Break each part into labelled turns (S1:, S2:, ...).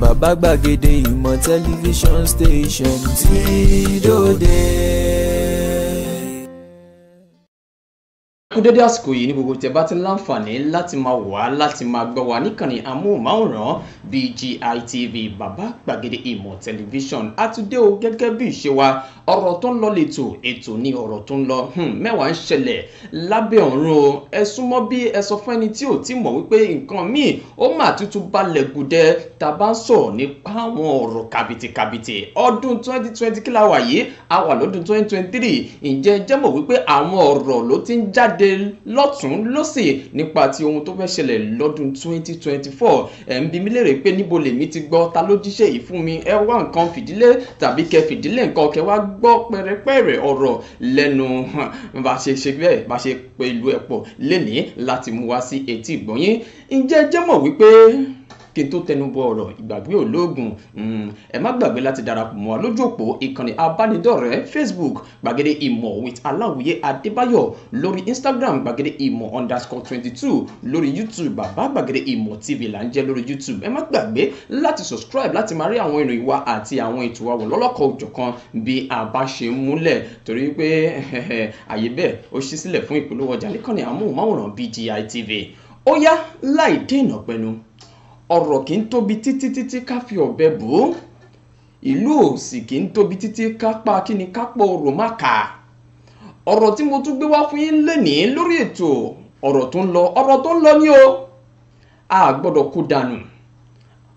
S1: bàbá gbàgede ìmọ̀ tẹlifíṣọ̀n station tí dòde.
S2: kú dédé àsìkò yìí ní gbogbo tẹ bá ti láǹfààní láti máa wà á láti máa gbọ́ wa níkànnì amóhùnmáwòrán BGI TV bàbá gbàgede ìmọ̀ tẹlifíṣọ̀n àtúndé o gẹ́gẹ́ bí ìṣe wa ọ̀rọ̀ tó ń lọ lẹ́tọ̀ ètò ni ọ̀rọ̀ tó ń lọ hmm, mẹ́wàá ń ṣẹlẹ̀ lábẹ́ ọ̀run o ẹ súnmọ́ bí ẹ sọ fún ẹni tí ò ti mọ̀ wípé nǹkan míì ó mà tútù balẹ̀ gùdẹ tàbá ń nípa àwọn ọ̀rọ̀ kàbìtìkàbìtì ọdún 2020 kí la wà yìí a wà lọ́dún 2023 ǹjẹ́ jẹ́ mọ̀ wípé àwọn ọ̀rọ̀ ló ti ń jáde lọ́tún lọ́sì nípa ti ohun tó fẹ́ ṣẹlẹ̀ lọ́dún 2024 ẹ̀ ń bi mí léèrè pé níbo lèmi ti gbọ́ ta ló jíṣẹ́ yìí fún mi ẹ wá nǹkan fìdílé tàbí kẹ fìdílé nǹkan kẹ wá gbọ́ pẹ̀rẹ́pẹ̀rẹ́ ọ̀rọ̀ lẹ́nu bá ṣe ṣe bẹ́ẹ̀ bá ṣe pẹ̀lú ẹ̀pọ̀ lénìí láti mú wá sí etí ìgbọ̀nyín ǹjẹ́ jẹ́mọ̀ wípé kí n tó tẹnubọ ọ̀rọ̀ ìgbàgbé olóògùn hmm, ẹ má gbàgbé láti darapọ̀ mọ́ wa lójú òpó ìkànnì abánidọ́rẹ̀ẹ́ facebook gbàgede ìmọ̀ with aláwìyé adébáyọ̀ lórí instagram gbàgede ìmọ̀ underscore twenty two lórí youtube bàbá gbàgede ìmọ̀ tv là ń jẹ́ lórí youtube ẹ má gbàgbé láti subscribe láti máa rí àwọn ìròyìn wa àti àwọn ètò wa wò lọ́lọ́kọ̀ òjọ̀kan bí a bá ṣe múlẹ̀ torí pé àyè bẹ́ẹ̀ ó ṣí sílẹ̀ fún ìpolówó ọjà níkànnì amóhùnmáwòrán BGI TV ó yá láì dènà pẹnu ọ̀rọ̀ kì í tóbi títí títí ká fi ọ̀bẹ bò ó ìlú òsì kì í tóbi títí ká pa kí ni ká pọ̀ ọ̀rọ̀ má kà á ọ̀rọ̀ tí mo tún gbé wá fún yín lénìí lórí ètò ọ̀rọ̀ tó ń lọ ọ̀rọ̀ tó ń lọ ní o a gbọ́dọ̀ kó dànù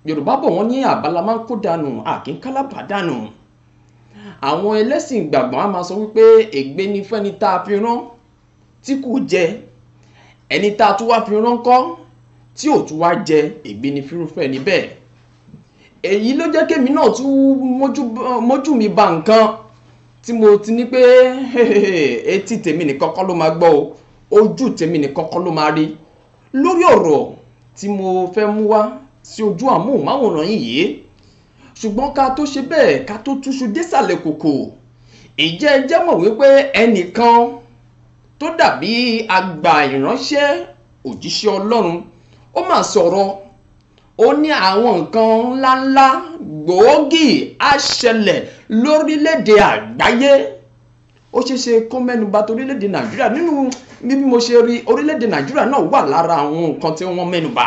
S2: yorùbá bọ̀ wọ́n ní àbálá máa ń kó dànù àkínkálábà dànù àwọn ẹlẹ́sìn ìgbàgbọ́ á máa sọ wípé ègbé ni fẹ́ni tá a fi rán tí kò jẹ ẹni tá a tún wá fi rán kọ́ tí ò tún wá jẹ ègbé ni fírúfẹ́ níbẹ̀ èyí ló jẹ́ kémi náà tún mójú mi ba nǹkan tí mo ti ní pé etí tèmi nìkan kọ́ ló máa gbọ́ o ojú tèmi nìkan kọ́ ló máa rí lórí ọ̀rọ̀ tí mo fẹ́ mú wá sí ojú àmóhùnmáwòrán yìí ṣùgbọ́n ká tó ṣe bẹ́ẹ̀ ká tó túṣu désàlẹ̀ kòkò ìjẹ́ ẹjẹ́ mọ̀ wípé ẹnìkan tó dàbí àgbà ìránṣẹ́ òjíṣẹ́ ọlọ́run ó mà sọ̀rọ̀ ó ní àwọn nǹkan ńláńlá gbòógì á ṣẹlẹ̀ lórílẹ̀‐èdè àgbáyé ó ṣeé ṣe kó mẹ́nuba tó orílẹ̀‐èdè nàìjíríà nínú bí mo ṣe rí orílẹ̀‐èdè nàìjíríà náà wà lára àwọn nǹkan tí wọ́n mẹ́nuba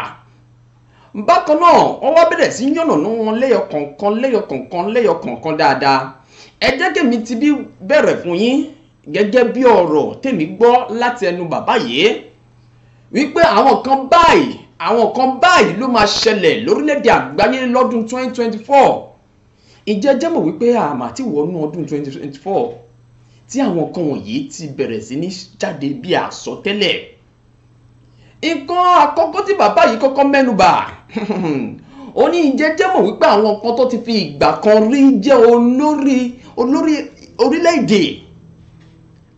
S2: bákan náà wọ́n wá bẹ̀rẹ̀ sí yànnàná wọn lẹ́yọ kọ̀ọ̀kan lẹ́yọ kọ̀ọ̀kan lẹ́yọ kọ̀ọ̀kan dáadáa ẹ jẹ́ kèmi ti bí bẹ̀rẹ̀ fún yín gẹ́gẹ́ bí ọ̀rọ̀ tèmi gbọ́ láti ẹnu bàbá yìí wípé àwọn kan báyìí àwọn kan báyìí ló máa ṣẹlẹ̀ lórílẹ̀‐èdè àgbáyé lọ́dún 2024 ìjẹ́ jẹ́ mọ̀ wípé àmà ti wọnú ọdún 2024 tí àwọn kan wọ̀nyí ti bẹ̀rẹ̀ sí ní jáde bí àsọtẹ́lẹ̀ nǹkan àkọ́kọ́ tí bàbá yìí kọ́kọ́ mẹ́nubà ó ní ìjẹ́ jẹ́ mọ̀ wípé àwọn kan tó ti fi ìgbà kan rí jẹ́ olórí olórí orílẹ̀-èdè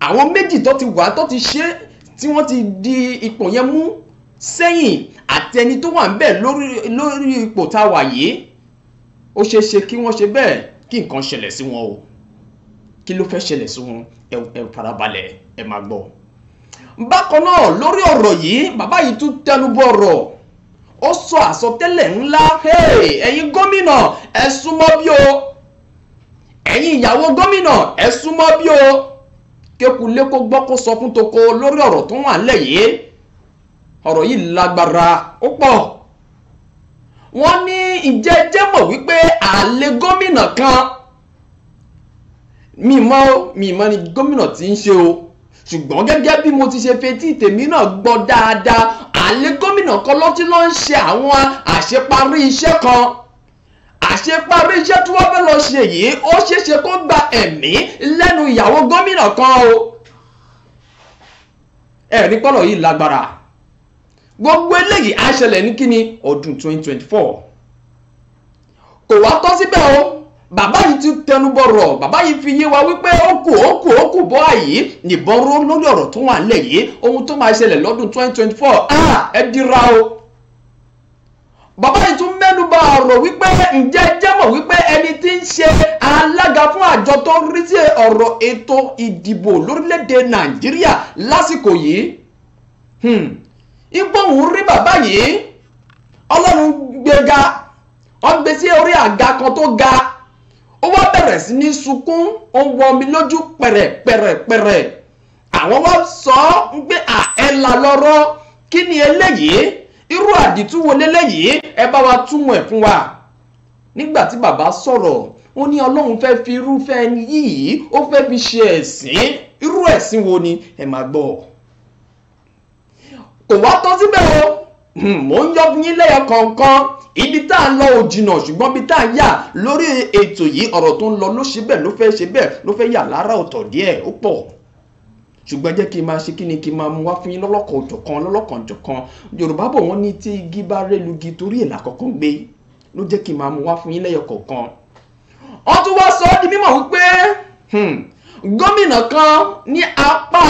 S2: àwọn méjì tó ti wà tó ti ṣe tí wọ́n ti di ipò yẹn mú sẹ́yìn àtẹni tó wà ń bẹ̀ lórí ipò tá a wà yìí ó ṣeé ṣe kí wọ́n ṣe bẹ́ẹ̀ kí nǹkan ṣẹlẹ̀ sí wọn o kí ló fẹ́ ṣẹlẹ̀ sí wọn ẹ farabalẹ̀ ẹ máa gbọ́. bákan náà lórí ọ̀rọ̀ yìí bàbá yìí tún tẹnubọ ọ̀rọ̀ ó sọ àsọtẹ́lẹ̀ ńlá ẹ̀yin gómìnà ẹ súnmọ́ bí o ẹ̀yin ìyàwó gómìnà ẹ súnmọ́ bí o kékulé kó gbọ́ kó sọ fún toko lórí ọ̀rọ̀ tó wà lẹ́yìn ọ̀rọ̀ yìí lágbára ó pọ̀ wọ́n ní ìjẹ́jẹ́ mọ̀ wípé àlè gómìnà kan mímọ́ mímọ́ ni gómìnà ti ń ṣe o ṣùgbọ́n gẹ́gẹ́ bí mo ti ṣe fetí tèmi náà gbọ́ dáadáa àlè gómìnà kan lọ́tí ló ń ṣe àwọn àṣeparí iṣẹ́ kan àṣeparí iṣẹ́ tí wọ́n fẹ́ lọ ṣe yìí ó ṣeéṣe kó gba ẹ̀mí lẹ́nu ìyàwó gómìnà kan o ẹ̀rí pọ̀lọ̀ yìí lágbára gbogbo eléyìí á ṣẹlẹ̀ ní kíni ọdún 2024 kò wá tọ́ síbẹ̀ o bàbá yìí ti tẹnu bọ̀rọ̀ bàbá yìí fi yé wa wípé ó kù ó kù ó kù bọ́ àyè nìbọn ró lórí ọ̀rọ̀ tó wà nílẹ̀ yìí ohun tó máa ṣẹlẹ̀ lọ́dún 2024 ah ẹ dira o bàbá yìí tún mẹ́nu bà ọ̀rọ̀ wípé ǹjẹ́ jẹ́ mọ̀ wípé ẹni tí ń ṣe alága fún àjọ tó rí sí ọ̀rọ̀ ètò ìdìbò lórílẹ̀‐èdè nàìjíríà lásìkò yìí hmm ipò òun rí bàbá yìí ọlọ́run gbé ga wọ́n gbé sí orí àga kan tó ga ó wá bẹ̀rẹ̀ sí ní sunkún ó ń wọ omi lójú pẹ̀rẹ̀pẹ̀rẹ̀pẹ̀rẹ̀ àwọn wá sọ ń gbé àẹ́là lọ́rọ́ kí ni eléyìí irú àdìtú wo léléyìí ẹ bá wa túmọ̀ ẹ̀ fún wa nígbà tí bàbá sọ̀rọ̀ ó ní ọlọ́run fẹ́ fi irúfẹ́ ẹni yìí ó fẹ́ fi ṣe ẹ̀sìn irú ẹ̀sìn wo ni ẹ máa gbọ́ ọ kò wá tán síbẹ̀ o hmm, mò ń yọ yín lẹ́yọ kọ̀ọ̀kan ibi tá a lọ ò jìnnà ṣùgbọ́n ibi tá a yà lórí ètò yìí ọ̀rọ̀ tó ń lọ ló ṣe bẹ́ẹ̀ ló fẹ́ ṣe bẹ́ẹ̀ ló fẹ́ yà lára ọ̀tọ̀ díẹ̀ ó pọ̀ ṣùgbọ́n jẹ́ kí n máa ṣe kí ni kí n máa mú wá fún yín lọ́lọ́kan òjọ̀kan lọ́lọ́kan òjọ̀kan yorùbá bò wọ́n ní tí igi bá rélugi torí èlà kọ̀ọ̀kan gbé ló jẹ́ kí n máa mú wá fún yín lẹ́yọ kọ̀ọ̀kan. wọ́n tún wá sọ ọ́ di mímọ̀ wípé hmm, gómìnà kan ní apá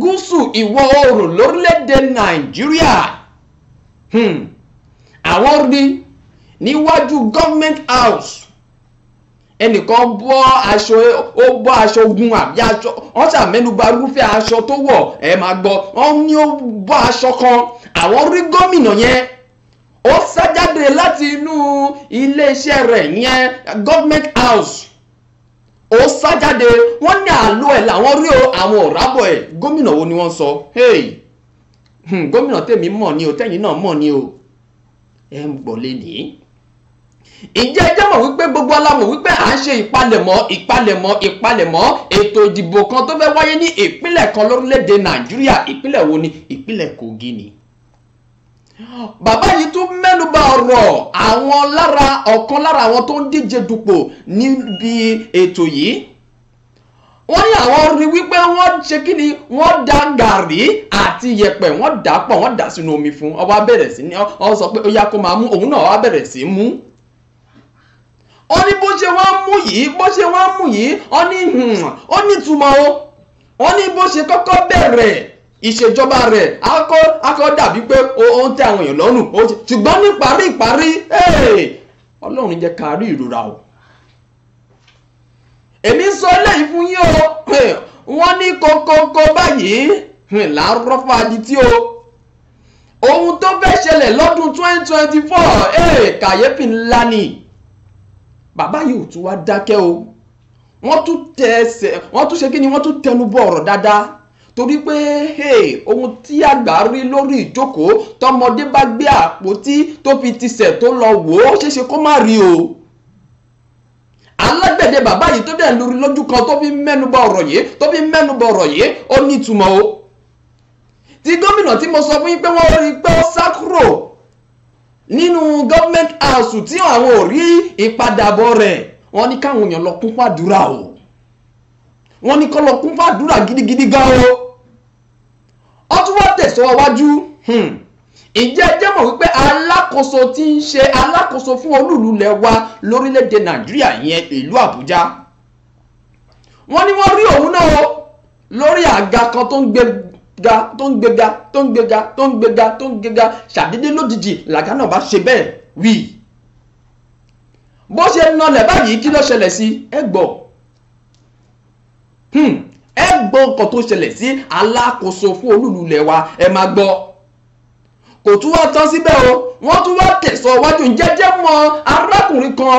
S2: gúúsù ìwọ̀ oòrùn lórílẹ̀‐èdè nàìjíríà hmm. àwọn rí níwájú government house ẹnìkan bọ́ aṣọ ó bọ́ aṣọ ogun àbí aṣọ wọ́n ṣàmẹ́nuba irúfẹ́ aṣọ tó wọ̀ ẹ̀ máa gbọ́ wọ́n ní ó bọ́ aṣọ kan àwọn rí gómìnà yẹn ó sá jáde láti inú iléeṣẹ́ rẹ̀ yẹn government house ó sá jáde wọ́n ní àlọ́ ẹ̀ làwọn rí o àwọn ọ̀rábọ̀ ẹ̀ gómìnà wo ni wọ́n sọ hey hmm, gómìnà tèmi mọ̀ ni o tẹ́yìn náà mọ̀ ni o ẹ̀ ń gbọ́ lé nìí ìjẹ́ ẹjẹ́ mọ̀ wípé gbogbo alámọ̀ wípé à ń ṣe ìpalẹ̀mọ́ ìpalẹ̀mọ́ ìpalẹ̀mọ́ ètò ìdìbò kan tó fẹ́ wáyé ní ìpínlẹ̀ kan lórílẹ̀‐èdè nàìjíríà ìpínlẹ̀ wo ni ìpínlẹ̀ kogi ni bàbá yìí tún mẹ́nuba ọ̀rọ̀ àwọn lára ọ̀kan lára àwọn tó ń díje dupò níbi ètò yìí wọ́n ní àwọn rí wípé wọ́n ṣe kí ni wọ́n da gàrí àti yẹ̀pẹ̀ wọ́n dà pọ̀ wọ́n dà sínú omi fún ó wá bẹ̀rẹ̀ sí ní ó sọ pé ó yá kó máa mú òun náà ó wá bẹ̀rẹ̀ sí mú ó ní bó ṣe wá mú yìí bó ṣe wá mú yìí ó ní hmm, ó ní ìtumọ̀ o ó ní bó ṣe kọ́kọ́ bẹ̀rẹ̀ ìṣèjọba rẹ̀ akọ́ akọ́ dàbí pé ó ń tẹ àwọn èèyàn lọ́rùn ṣùgbọ́n ní parí parí ọlọ́run jẹ́ ká rí ìrora o èmi sọ eléyìí fún yín o wọ́n ní kókókó báyìí làárọ̀ fàájì tí o ohun tó fẹ́ ṣẹlẹ̀ lọ́dún 2024 kàyéfì ńlá ni bàbá yìí ò tún wá dákẹ́ o wọ́n tún tẹ ẹsẹ̀ wọ́n tún ṣe kí ni wọ́n tún tẹnu bọ ọ̀rọ̀ dáadáa torí pé ohun tí àgbà rí lórí ìjókòó tọmọdé bá gbé àpótí tó fi tisẹ̀ tó lọ wò ó ṣeéṣe kó má rí o alágbẹ̀dẹ bàbá yìí tó dẹ̀ lórí lójú kan tó fi mẹ́nubà ọ̀rọ̀ yìí tó fi mẹ́nubà ọ̀rọ̀ yìí ó ní o ti gómìnà tí mo sọ fún yín pé wọ́n rí pé ó sá nínú government house tí àwọn ò rí ìpadàbọ̀ rẹ̀ wọ́n ní káwọn èèyàn lọ kún fàdúrà o wọ́n ní kọ́ lọ kún fàdúrà gidigidi gan o tẹ̀síwájú hmm. ǹjẹ́ ẹ jẹ́ mọ̀ wípé alákòóso tí ń ṣe alákòóso fún olúùlú lẹ̀ wa lórílẹ̀‐èdè nàìjíríà yẹn ìlú àbújá wọ́n ní wọ́n rí òun náà o lórí àga kan tó ń gbé ga tó ń gbéga tó ń gbéga tó ń gbéga tó ń gbéga ṣàdédé lójijì làgá náà bá ṣe bẹ́ẹ̀ wí bó ṣe nọlẹ̀ báyìí kí ló ṣẹlẹ̀ sí ẹ gbọ́. Hmm ẹ gbọ́ nǹkan tó ṣẹlẹ̀ sí alákòóso fún olúlu ilẹ̀ wa ẹ máa gbọ́ kò tún wá tán síbẹ̀ o wọ́n tún wá tẹ̀sọ̀ wájú jẹ́jẹ́ mọ́ arákùnrin kan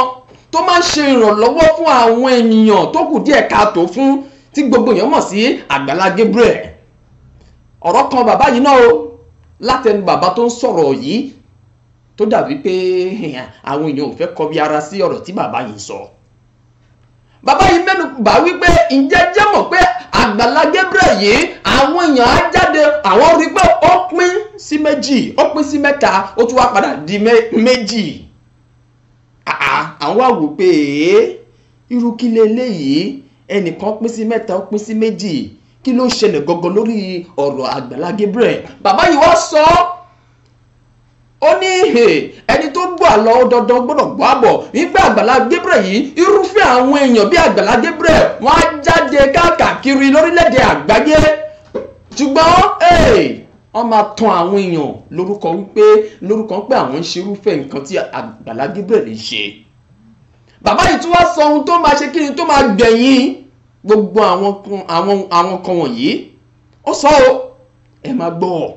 S2: tó máa ń ṣe ìrànlọ́wọ́ fún àwọn ènìyàn tó kù díẹ̀ káàtó fún tí gbogbo èèyàn mọ̀ sí Àgbàlá Gabriel ọ̀rọ̀ kan bàbá yìí náà o látẹnu bàbá tó ń sọ̀rọ̀ yìí tó dàbí pé àwọn èèyàn ò fẹ́ kọbi ara sí ọ̀rọ̀ tí bàbá yìí sọ. So bàbá yìí mẹ́nu bá wípé ǹjẹ́ jẹ́ mọ̀ pé àgbàlá Gabriel yìí àwọn èèyàn á jáde àwọn rí pé ó pín sí méjì ó pín sí mẹ́ta ó tún wá padà di méjì àwọn wá wò pé irú kí leléyìí ẹnìkan pín sí mẹ́ta ó pín sí méjì kí ló ṣẹlẹ̀ gangan lórí ọ̀rọ̀ àgbàlá Gabriel bàbá yìí wá sọ ọ́ ó ní ẹni tó gbọ́ àlọ́ dandan gbọ́dọ̀ gbọ́ àbọ̀ nígbà Àgbàlá Gabriel yìí irúfẹ́ àwọn èèyàn bíi Àgbàlá Gabriel wọ́n á jáde káàkiri lórílẹ̀‐èdè àgbáyé ṣùgbọ́n wọ́n máa tan àwọn èèyàn lórúkọ wípé lórúkọ pé àwọn ń ṣe irúfẹ́ nǹkan tí Àgbàlá Gabriel lè ṣe bàbá yìí tún wá sọ ohun tó máa ṣe kí ni tó máa gbẹ̀yìn gbogbo àwọn kan wọ̀nyí ó sọ ọ́ ẹ máa gbọ́ ọ́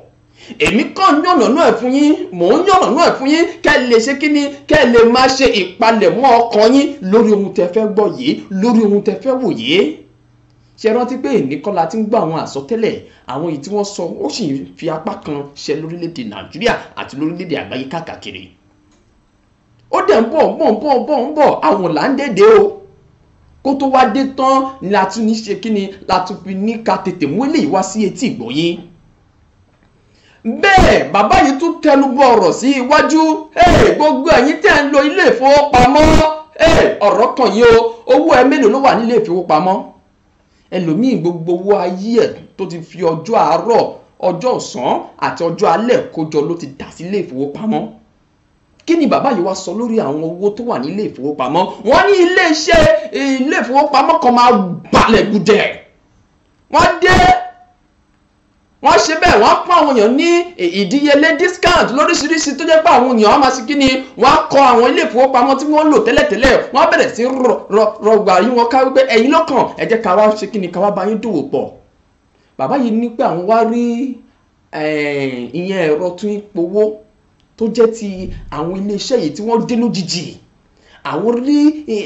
S2: èmi kàn yànnànú ẹ̀ fún yín mò ń yànnànú ẹ̀ fún yín kẹ́ ẹ lè ṣe kí ni kẹ́ ẹ lè máa ṣe ìpalẹ̀mọ́ ọkàn yín lórí ohun tẹ́ fẹ́ gbọ́ yìí lórí ohun tẹ́ fẹ́ wò yìí ṣe rántí pé ìníkọ́lá ti ń gbọ́ àwọn àsọtẹ́lẹ̀ àwọn èyí tí wọ́n sọ ó sì fi apá kan ṣe lórílẹ̀‐èdè nàìjíríà àti lórílẹ̀‐èdè àgbáyé káàkiri ó dẹ̀ ń bọ̀ ń bọ̀ ń bọ̀ ń bọ̀ ń bọ̀ àwọn là o kó tó wá dé tán ni la tún ní ṣe kí ni la tún fi ní ká tètè mú eléyìí wá sí etí ìgbọ̀nyín bẹ́ẹ̀ bàbá yìí tún tẹnubọ ọ̀rọ̀ sí iwájú gbogbo ẹ̀yin tẹ́ ń lo ilé ìfowópamọ́ ọ̀rọ̀ kan yìí o owó ẹ mélòó ló wà nílé ìfowópamọ́ ẹlòmíì gbogbo owó ayé ẹ̀ tó ti fi ọjọ́ àárọ̀ ọjọ́ ọ̀sán àti ọjọ́ alẹ́ kójọ ló ti dà sílé ìfowópamọ́ kí ni bàbá yìí wá sọ lórí àwọn owó tó wà nílé ìfowópamọ́ wọ́n ní iléeṣẹ́ ilé ìfowópamọ́ kan máa balẹ̀ gùdẹ̀ wọ́n dé wọ́n ṣe bẹ́ẹ̀ wọ́n pọ́n àwọn èèyàn ní ìdíyelé discount lóríṣiríṣi tó jẹ́ pé àwọn èèyàn á máa ṣe kí ni wọ́n á kọ àwọn ilé ìfowópamọ́ tí wọ́n ń lò tẹ́lẹ̀tẹ́lẹ̀ wọ́n bẹ̀rẹ̀ sí rọgbà yín wọn ká wípé ẹ̀yin lọ́kàn ẹ jẹ́ ká wá ṣe kí ni ká wá bá yín dòwò pọ̀ bàbá yìí ní pé àwọn wá rí ìyẹn ẹ̀rọ tún powó tó jẹ́ ti àwọn iléeṣẹ́ yìí tí wọ́n dé lójijì àwọn rí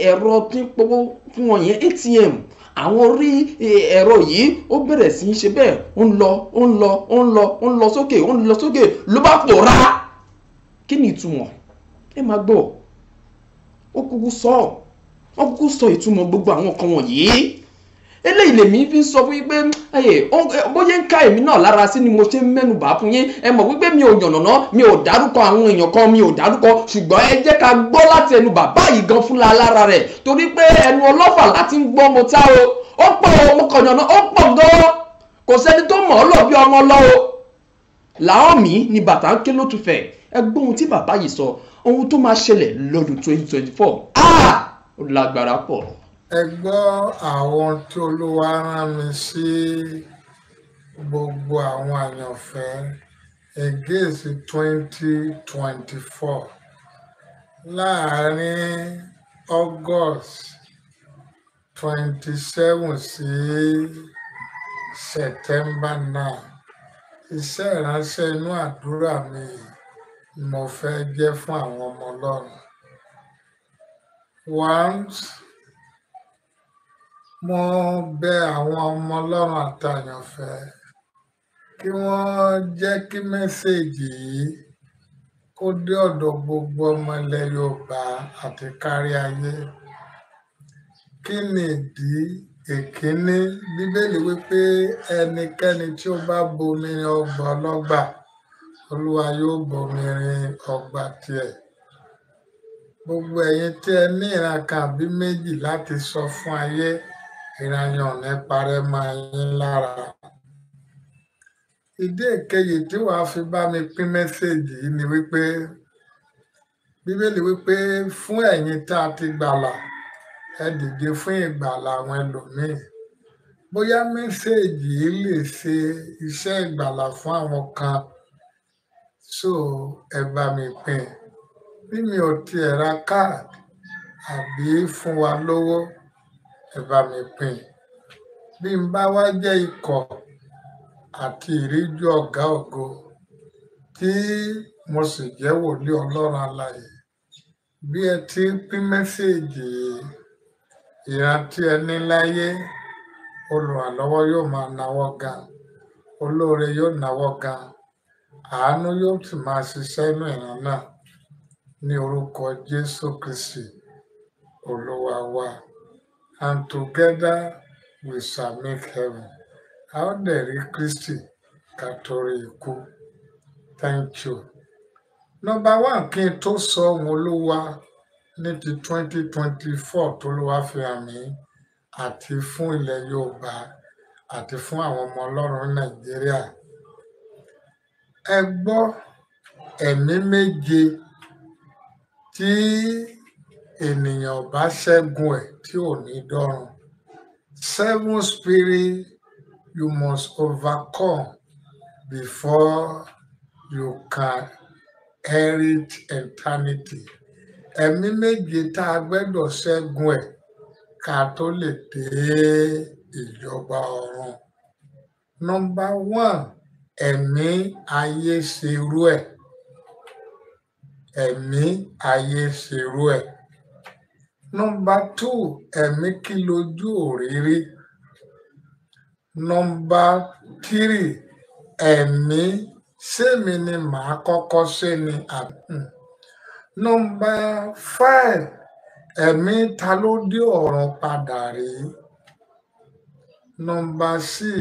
S2: ẹ̀rọ tún powó fún wọn yẹn ATM àwọn orí e, ẹ̀rọ yìí ó bẹ̀rẹ̀ sí í ṣe bẹ́ẹ̀ ó ń lọ ó ń lọ ó ń lọ ó ń lọ sókè ó ń lọ sókè ló bá pòórá kí ni ìtumọ̀ ẹ máa gbọ́ ó kúkú sọ ó kúkú sọ ìtumọ̀ gbogbo àwọn kan wọ̀nyí eléyìí lèmi fi ń sọ fún yín pé bóyá ń ka èmi náà lára sí ni mo ṣe ń mẹ́nu bá fún yín ẹ mọ̀ wípé mi ò yànnàná mi ò dárúkọ àwọn èèyàn kan mi ò dárúkọ ṣùgbọ́n ẹ jẹ́ ká gbọ́ láti ẹnu bàbá yìí gan fúnra lára rẹ̀ torí pé ẹnu ọlọ́fà láti ń gbọ́ mo tá o ó pọ̀ o mo kàn yànnà ó pọ̀ gan-an kò sẹ́ni tó mọ̀ ọ́ lọ bí ọmọ lọ o Láọ̀mí ni bàtà ń ké lótùfẹ́ ẹ gbọ́ tí bàbá yìí sọ ohun tó máa ṣẹlẹ̀ lọ́dún twenty twenty four ah ó lágbára pọ̀
S3: ẹ gbọ́ àwọn tí olúwa rán mi sí gbogbo àwọn àyànfẹ́ against twenty twenty four láàárín august 27 seven sí september nine iṣẹ́ ìránṣẹ́ inú àdúrà mi mo fẹ́ jẹ́ fún àwọn ọmọ ọlọ́run once wọ́n bẹ àwọn ọmọ ọlọ́run àtàyànfẹ́ kí wọ́n jẹ́ kí mẹ́sẹ̀gì yìí kó dé ọ̀dọ̀ gbogbo ọmọ ilẹ̀ yorùbá àti kárí ayé kí ni ìdí èkíní bíbélì wípé ẹnikẹ́ni tí ó bá bomi ọgbà ọlọ́gbà olúwa yóò bomi rin ọgbà tiẹ̀ gbogbo ẹ̀yin tí ẹ ní ìrankan àbí méjì láti sọ fún ayé ìrìnàjò ní parẹ́ máa yín lára. Ìdí èkejì tí wàá fi bá mi pín mẹ́sẹ̀gì yìí ni wípé Bíbélì wípé fún ẹ̀yin tá a ti gbàlà ẹ dìde fún ìgbàlà àwọn ẹlòmíì. Bóyá mẹ́sẹ̀gì yìí lè ṣe iṣẹ́ ìgbàlà fún àwọn kan so ẹ bá mi pín. Bí mi ò tiẹ̀ ra káàdì àbí fún wa lówó ẹ bá mi pín bí n bá wá jẹ́ ikọ̀ àti ìríjú ọ̀gá ògo tí mo sì jẹ́ wòlíì ọlọ́run alààyè bí ẹ ti ń pín mẹ́sẹ̀ẹ̀jì ìran tí ẹ ní láyé olùrànlọ́wọ́ yóò máa náwó ga olóore yóò náwó ga àánú yóò sì máa ṣiṣẹ́ inú ìran náà ní orúkọ Jésù Kristi olúwa wa and together we shall make heaven. A ó dẹ̀ rí Kristi ká Thank you. Number one kí n tó sọ ní ti twenty twenty four tó ló wá fi hàn mí àti fún ilẹ̀ Yorùbá àti fún àwọn ọmọ Ọlọ́run Nàìjíríà. Ẹ gbọ́ ẹ̀mí méje Tí ènìyàn ò bá ṣẹ́gun ẹ̀ tí ò ní dọ́run seven spirit you must overcome before you can inherit eternity ẹ̀mí méje tá a gbẹ́dọ̀ ṣẹ́gun ẹ̀ ká tó lè dé ìjọba ọ̀run nọ́mbà one ẹ̀mí ayé ṣerú ẹ̀ ẹ̀mí ayé ṣerú ẹ̀ nọmba two ẹ̀mí kí lójú òrírí nọmba tírì ẹ̀mí sẹ́mi ni màá kọ́kọ́ ṣe ni hmm. nọmba five ẹ̀mí ta ló dé ọ̀run padà rí nọmba six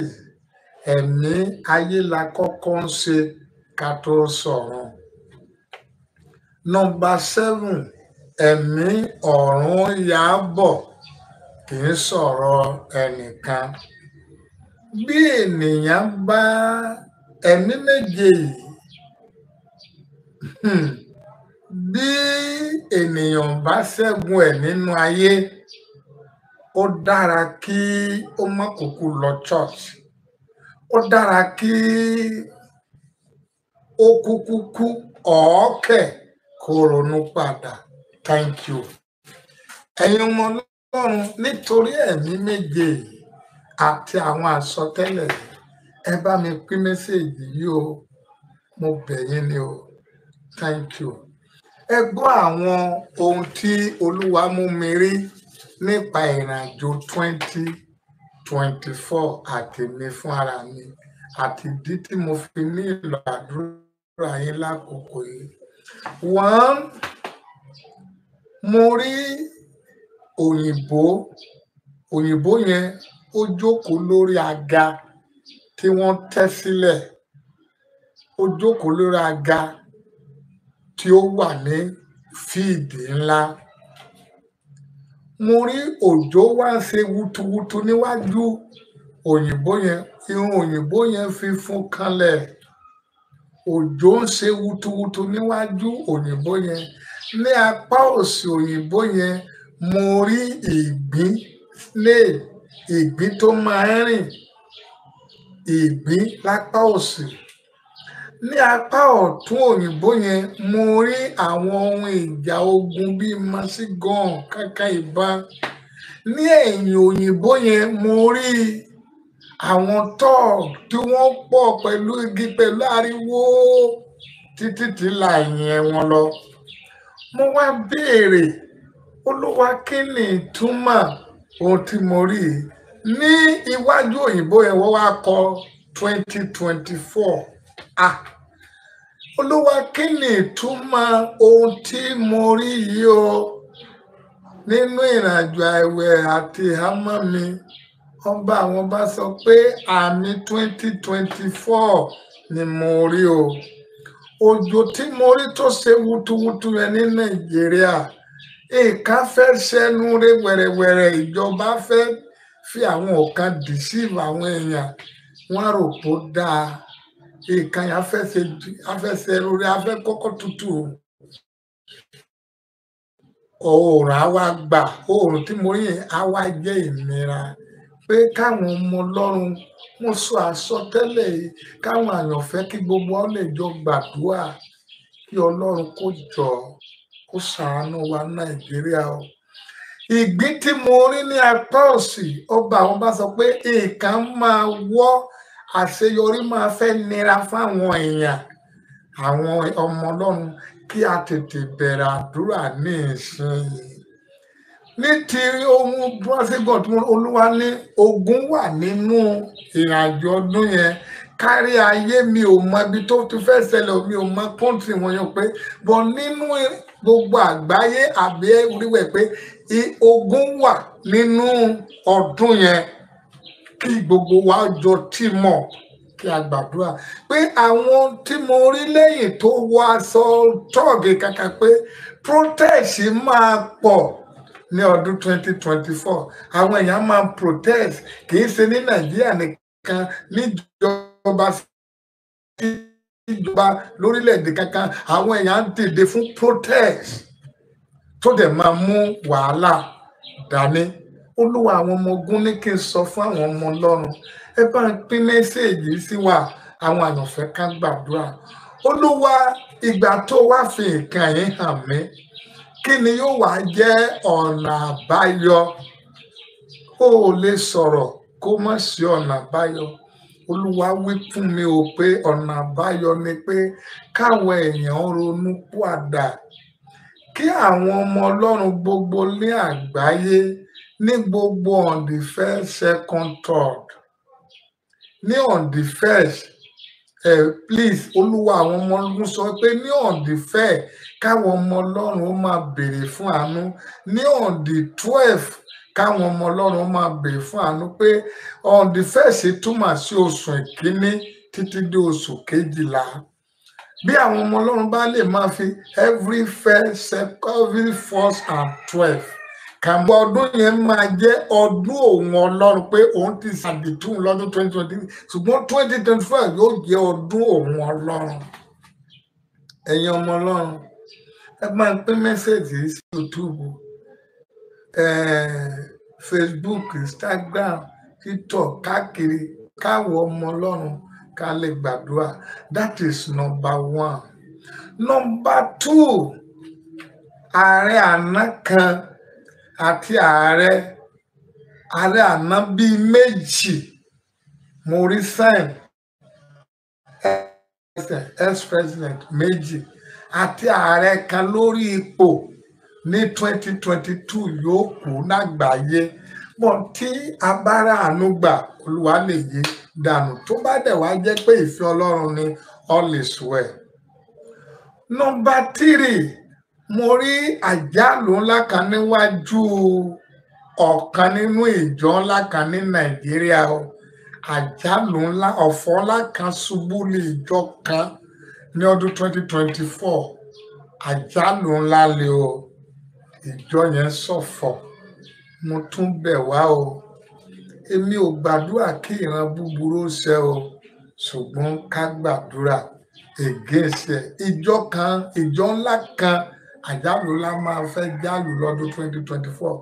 S3: ẹ̀mí ayé la kọ́kọ́ ń ṣe ká tó sọ̀run nọmba seven. ẹ̀mí ọ̀run yà bọ̀ kì í sọ̀rọ̀ ẹnìkan bí ènìyàn bá ẹ̀mí méje yìí hmm, bí ènìyàn bá ṣẹ́gun ẹ̀ nínú ayé ó dára kí ó má kúkú lọ church ó dára kí ó kúkú kú ọ̀ọ́kẹ̀ kó ronú padà. thank you ẹ̀yin ọmọ ọlọ́run nítorí ẹ̀mí méje àti àwọn àsọtẹ́lẹ̀ ẹ bá mi pín mẹ́sẹ̀gì yìí o mo bẹ̀ yín ni o thank you ẹ gbọ́ àwọn ohun tí olúwa mú mi rí nípa ìrìnàjò twenty twenty four àti mi fún ara mi àti ìdí tí mo fi ní ìlò àdúrà yín lákòókò yìí one mo rí òyìnbó òyìnbó yẹn ó jókòó lórí aga tí wọ́n tẹ́ sílẹ̀ ó jókòó lórí aga tí ó wà ní fíìdì ńlá mo rí òjò wá ṣe wutuwutu níwájú òyìnbó yẹn irun òyìnbó yẹn fi fún kanlẹ̀ òjò ń ṣe wutuwutu níwájú òyìnbó yẹn ní apá òsì òyìnbó yẹn mo rí ìgbín lé ìgbín tó máa ń rìn ìgbín lápá òsì ní apá ọ̀tún òyìnbó yẹn mo rí àwọn ohun ìjà ogun bíi masigan kankan ìbọn ní ẹ̀yìn òyìnbó yẹn mo rí àwọn tọ́ọ̀ tí wọ́n pọ̀ pẹ̀lú igi pẹ̀lú ariwo títí tí la ẹ̀yìn ẹ̀ wọn lọ mo wá béèrè olúwa kí ni ìtumọ̀ ohun tí mo rí ní iwájú òyìnbó yẹn wọ́n wá kọ twenty ah olúwa kí ni ìtumọ̀ ohun tí mo rí yìí o nínú ìrìnàjò àìwẹ̀ àti ìhámọ́ mi ọba àwọn bá sọ pé àmì twenty ni mo rí o òjò tí mori rí tó ṣe wutuwutu yẹn ní nàìjíríà nǹkan fẹ́ ṣẹ́nu rẹ wẹ̀rẹ̀wẹ̀rẹ̀ ìjọba fẹ́ fi àwọn ọ̀kan deceive àwọn èèyàn wọ́n rò pó dáa nǹkan yẹn afẹ́sẹ̀ lórí afẹ́ kọ́kọ́ tútù òòrùn àwa gbà òòrùn tí mo rí yẹn àwa jẹ́ ìmira pé káwọn ọmọ ọlọ́run wọ́n sọ àsọtẹ́lẹ̀ káwọn àyànfẹ́ kí gbogbo ọ lè jọ gbàdúrà kí ọlọ́run kó jọ kó ṣàánú wa nàìjíríà o ìgbín tí mo rí ní apá òsì ọba àwọn bá sọ pé nǹkan máa wọ́ àṣeyọrí máa fẹ́ nira fáwọn èèyàn àwọn ọmọ ọlọ́run kí a tètè bẹ̀rẹ̀ àdúrà ní ìsinyìí ní ti ohun bọ́sígọ̀t olúwa ní ogun wà nínú ìrìnàjò ọdún yẹn kárí ayé mi ò mọ ibi tó ti fẹ́ ṣẹlẹ̀ mi ò mọ kọ́ńtì wọn yàn pé bọ́ nínú gbogbo àgbáyé àbí oríwẹ̀ pé ogun wà nínú ọdún yẹn kí gbogbo wa jọ tì mọ̀ kí a gbàdúrà pé àwọn tí mo rí lẹ́yìn tó wọ aṣọ tọ́ọ̀gì kàkà pé protest máa pọ̀ ní ọdún 2024 àwọn èèyàn máa protest kì í ṣe ní nàìjíríà nìkan níjọba ìjọba lórílẹ̀‐èdè kankan àwọn èèyàn ń dìde fún protest tó dẹ̀ máa mú wàhálà dání olúwa àwọn ọmọ ogun ní kí n sọ fún àwọn ọmọ ọlọ́run ẹ bá ń pín mẹ́sẹ̀ẹ̀jì sí wa àwọn àyànfẹ́ kan gbàdúrà olúwa ìgbà tó wá fi nǹkan yìí hàn mí kí ni yóò wá jẹ́ ọ̀nà àbáyọ ó lè sọ̀rọ̀ kó má sí ọ̀nà àbáyọ olúwa wí fún mi o pé ọ̀nà àbáyọ ni pé káwọn èèyàn ronú pàdà kí àwọn ọmọ ọlọ́run gbogbo ní àgbáyé ní gbogbo on the first second third ní on the first Uh, please olúwa àwọn ọmọ ọlọ́run sọ pé ní ọ̀ǹdí fẹ́ káwọn ọmọ ọlọ́run ó máa béèrè fún àánú ní ọ̀ǹdí twelve káwọn ọmọ ọlọ́run ó máa béèrè fún àánú pé ọ̀ǹdí fẹ́ẹ̀sì túmọ̀ sí oṣù ìkíní títí dé oṣù kejìlá bí àwọn ọmọ ọlọ́run bá lè máa fi every first every fourth and twelve kàmbọ ọdún yẹn máa jẹ́ ọdún òun ọlọ́run pé òun ti ṣàdìtún lọ́dún twenty twenty ṣùgbọ́n twenty twenty four yóò jẹ́ ọdún òun ọlọ́run ẹ̀yin ọmọ ọlọ́run ẹ máa pín mẹ́sẹ̀gì sí youtube facebook instagram tiktok káàkiri káwọ ọmọ ọlọ́run ká lè gbàdúrà that is number one number two ààrẹ àná kan. àti ààrẹ ààrẹ àná bíi méjì ex-president méjì àti ààrẹ kan lórí ipò ní 2022 yóò kú lágbàáyé mọ tí abára àánú gbà lè yé dànù tó bá dẹ̀ wá mo rí àjálù ńlá kan níwájú ọ̀kan nínú ìjọ ńlá kan ní nàìjíríà o àjálù ńlá ọ̀fọ̀ ńlá kan ṣubú lé ìjọ kan ní ọdún 2024 àjálù ńlá le o ìjọ yẹn ṣọ̀fọ̀ mo tún bẹ̀ wá o èmi ò gbàdúrà kí ìran búburú ṣẹ o ṣùgbọ́n ká gbàdúrà ègé ṣẹ ìjọ kan ìjọ ńlá kan àjálù ńlá máa fẹ́ jálù lọ́dún 2024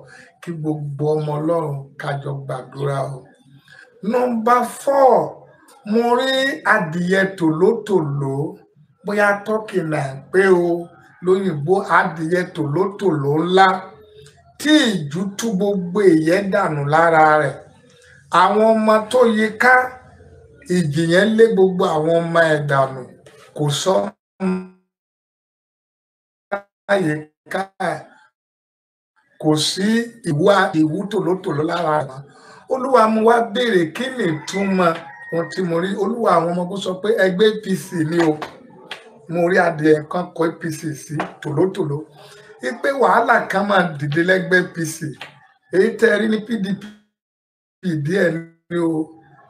S3: kí gbogbo ọmọ ọlọ́run kájọ gbàdúrà o. nọ́mbà four mo rí adìyẹ tòlótòló bóyá tọ́kì là ń pé o lóyìnbó adìyẹ tòlótòló ńlá tí ìjú tú gbogbo èyẹ dànù lára rẹ̀ àwọn ọmọ tó yí ká ìjì yẹn lé gbogbo àwọn ọmọ ẹ̀ dànù kò sọ àyíká ẹ̀ kò sí ìwà ìwú tòlótòló lára wọn olúwa mo wá béèrè kí ni ìtumọ̀ ohun tí mo rí olúwa àwọn ọmọ ogun sọ pé ẹgbẹ́ apc ni o mo rí adìẹ kan kọ apc sí tòlótòló wípé wàhálà kan máa dìde lẹ́gbẹ́ apc èyí tẹ́ rí ní pdp díẹ̀ ni o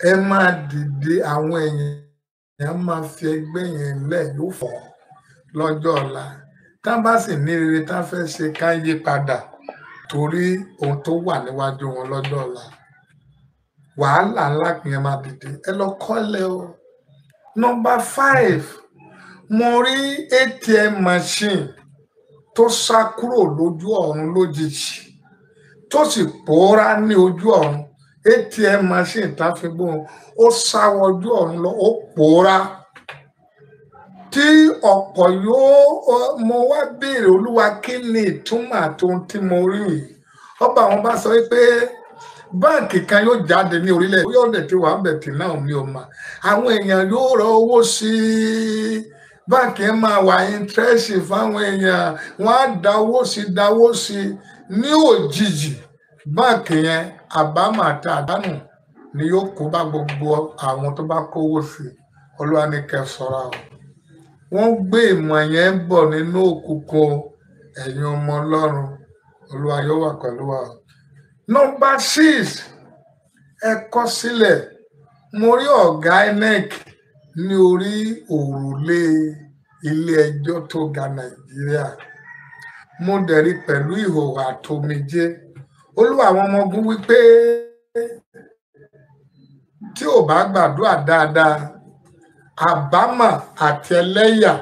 S3: ẹ máa dìde àwọn èèyàn máa fi ẹgbẹ́ yẹn lẹ̀ yóò fọ́ lọ́jọ́ ọ̀la tá bá sì ní rere tá fẹ́ ṣe ká yí padà torí ohun tó wà níwájú wọn lọ́jọ́ ọ̀la wàhálà ńlá kìí máa dìde ẹ lọ kọ́lẹ̀ o nọ́mbà five mo rí atm machine tó sá kúrò lójú ọ̀run lójijì tó sì pòórá ní ojú ọ̀run atm machine tá fi gbóhùn ó sá wọjú ọ̀run lọ ó pòórá tí ọ̀pọ̀ yóò mo wá béèrè olúwa kí ni ìtumọ̀ àtòun tí mo rí yìí ọba àwọn bá sọ pé báǹkì kan yóò jáde ní orílẹ̀ yóò dẹ̀ ti wà bẹ̀ tì náà mi ò mà àwọn èèyàn yóò rọ owó sí i báǹkì yẹn máa wà íńtírẹ́sì fáwọn èèyàn wọ́n á dáwó sí dáwó sí ní òjijì báǹkì yẹn àbámọ̀ àti àdánù ni yóò kó bá gbogbo àwọn tó bá kówó sí olúwa ní kẹ́ o wọ́n gbé ìmọ̀ yẹn bọ̀ nínú òkùnkùn ẹ̀yin ọmọ ọlọ́run olúwa yóò wà pẹ̀lú wa. nọ́mbà six ẹ kọ sílẹ̀ mo rí ọ̀gá INEC ní orí òrùlé ilé ẹjọ́ tó ga nàìjíríà mo dẹ̀rí pẹ̀lú ìhòòhò àtomijé olúwa àwọn ọmọ ogun wípé tí ò bá gbàdúrà dáadáa abama àti ẹlẹ́yà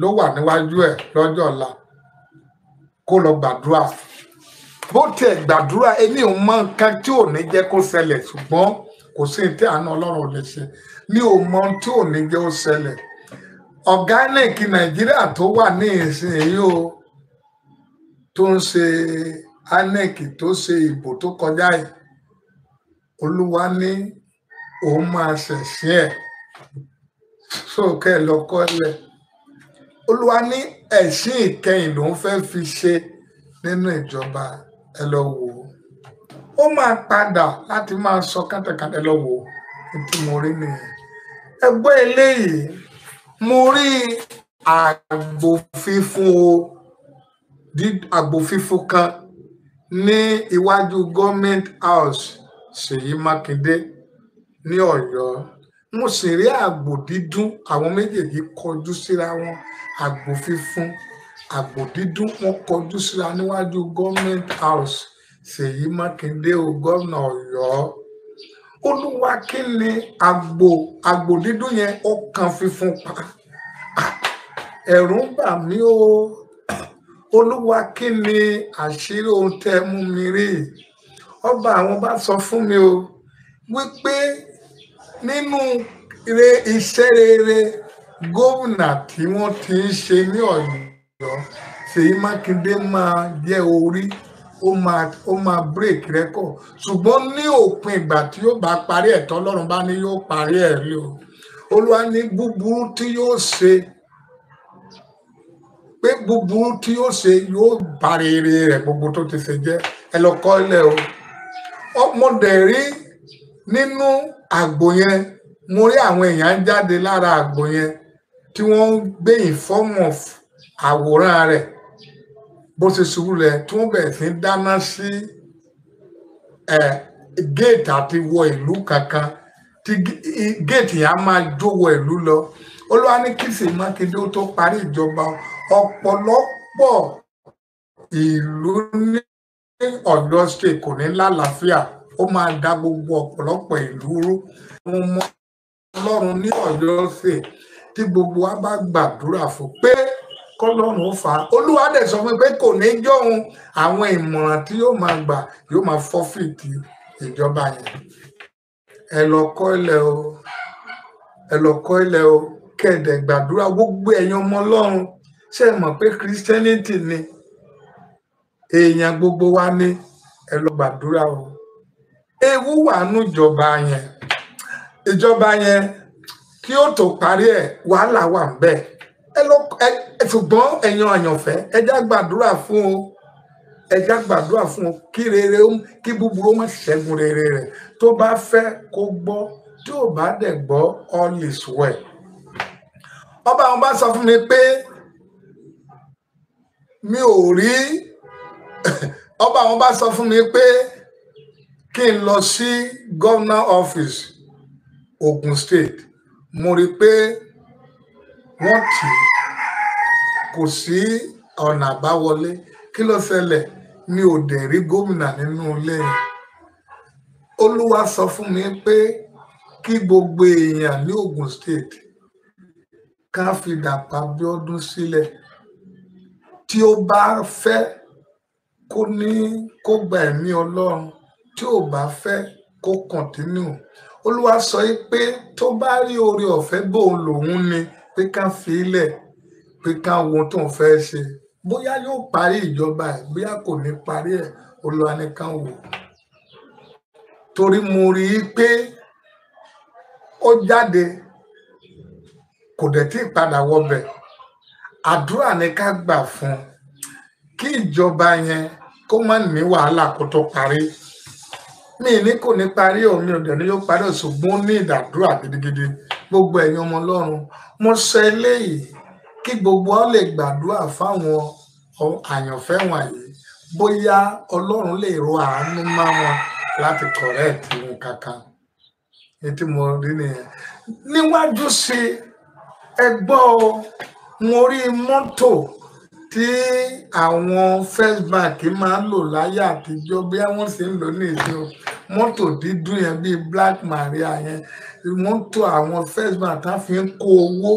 S3: ló wà níwájú ẹ̀ lọ́jọ́ ọ̀la kó lọ gbàdúrà bó tiẹ̀ gbàdúrà ẹni ò mọ nǹkan tí ò ní jẹ́ kó ṣẹlẹ̀ ṣùgbọ́n kò sí ní tí àánú ọlọ́run lè ṣe ò mọ tí ò ní ó ṣẹlẹ̀ organic nàìjíríà tó wà ní o tó ń ṣe tó ṣe ìbò tó kọjá yìí olúwa so kẹ́ ẹ lọ kọ́ ẹ lẹ̀ olúwa ní ẹ̀sìn ìkẹyìn lòún fẹ́ fi ṣe nínú ìjọba ẹ lọ wò ó ó máa padà láti máa sọ kátàkátà lọ wò ó tí mo rí nìyẹn ẹgbẹ́ eléyìí mo rí àgbò fífún o àgbò fífún kan ní iwájú government house Ṣèyí Mákindé ní Ọ̀yọ́ mo sì rí àgbò dídún àwọn méjèèjì kọjú síra wọn àgbò funfun àgbò dídún wọn kọjú síra níwájú government house Ṣèyí Mákindé o gómìnà Ọ̀yọ́ olúwa kí ni àgbò àgbò dídún yẹn ó kan funfun pa ẹ̀rù ń bà mí o olúwa kí ni àṣírí ohun tẹ́ mú mi rí ọba àwọn bá sọ fún mi o wípé nínú iṣẹ́ rere gómìnà tí wọ́n ti ń ṣe ní ọ̀yọ́ ṣèyí mákindé máa jẹ́ orí ó máa break record ṣùgbọ́n ní òpin ìgbà tí yóò bá parí ẹ̀ tọ́lọ́run bá ní yóò parí ẹ̀ rí o olúwa ní búburú tí yóò ṣe pé búburú tí yóò ṣe yóò bá rere rẹ̀ gbogbo tó ti ṣe jẹ́ ẹ lọ kọ́ ilé o ọmọdé rí nínú àgbò yẹn mo rí àwọn èèyàn jáde lára àgbò yẹn tí wọ́n ń gbé ìfọ́mọ̀ àwòrán rẹ̀ bó ṣe ṣubú rẹ̀ tí wọ́n bẹ̀rẹ̀ sí dáná sí géètì àti wọ ìlú kankan tí géètì yẹn á máa jó wọ ìlú lọ olúwa ní kìsì mákindé tó parí ìjọba ọ̀pọ̀lọpọ̀ ìlú ní Ọ̀yọ́ state kò ní lálàáfíà ó máa da gbogbo ọ̀pọ̀lọpọ̀ ìlú rú àwọn ọmọ ọlọ́run ní ọ̀yọ́ ṣe tí gbogbo wa bá gbàdúrà fún pé kọlọ́run ó fà á olúwa dẹ̀ sọ fún mi pé kò ní jọ̀hún àwọn ìmọ̀ràn tí yóò máa gbà yóò máa fọ́fìtì ìjọba yẹn ẹ lọ kọ́ ilẹ̀ o ẹ lọ kọ́ ilẹ̀ o kẹ̀dẹ̀ gbàdúrà gbogbo ẹ̀yin ọmọ ọlọ́run ṣe mọ̀ pé christianity ni èèyàn gbogbo wa ni ẹ lọ gbàdúrà o ewu wà nù ìjọba yẹn ìjọba yẹn kí ó tó parí ẹ̀ wàhálà wà ń bẹ ẹ lọ ẹ ṣùgbọ́n ẹ̀yàn àyànfẹ́ ẹ já gbàdúrà fún o ẹ já gbàdúrà fún o kí rere kí búburú má ṣẹ́gun rere rẹ̀ tó bá fẹ́ kó gbọ́ tí ò bá dẹ̀ gbọ́ all is well ọba àwọn bá sọ fún mi pé mi ò rí ọba àwọn bá sọ fún mi pé kí n lọ sí governor office Ogun State mo rí i pé wọ́n tì í kò sí ọ̀nà àbáwọlé kí ló ṣẹlẹ̀ mi ò dẹ̀ rí gómìnà nínú ilé olúwa sọ fún mi pé kí gbogbo èèyàn ní Ogun State ká fi Dàpọ̀ Abíọ́dún sílẹ̀ tí ó bá fẹ́ kó ní kó gba ẹ̀mí Ọlọ́run tí ò bá fẹ́ kó kọ̀ntínú olúwa sọ yìí pé tó bá rí oore ọ̀fẹ́ bòun lòun ni pé ká fi í lẹ̀ pé ká wo ohun tóun fẹ́ ṣe bóyá yóò parí ìjọba ẹ̀ bóyá kò ní parí ẹ̀ olúwa ní ká wò torí mo rí i pé ó jáde kò dẹ̀ tí ì padà wọbẹ̀ àdúrà ni ká gbà fún kí ìjọba yẹn kó má ní wàhálà kó tó parí mi ní kò ní parí òun mi ò dẹ̀ ní yóò parí ṣùgbọ́n ní ìdàdúrà gidigidi gbogbo ẹ̀yin ọmọ ọlọ́run mo sọ eléyìí kí gbogbo ọ lè gbàdúrà fáwọn àyànfẹ́ wọ̀nyí bóyá ọlọ́run lè ro àánú má wọn láti kọ̀rẹ́ẹ̀tì wọn kankan ètí mo rí nìyẹn níwájú sí ẹgbọ́ mo rí mọ́tò tí àwọn first bank máa ń lò láyé àtijọ́ bí wọ́n sì ń lò ní ìsìn mọ́tò dídú yẹn bíi Black Maria yẹn mọ́tò àwọn First Bank tá fi ń kó owó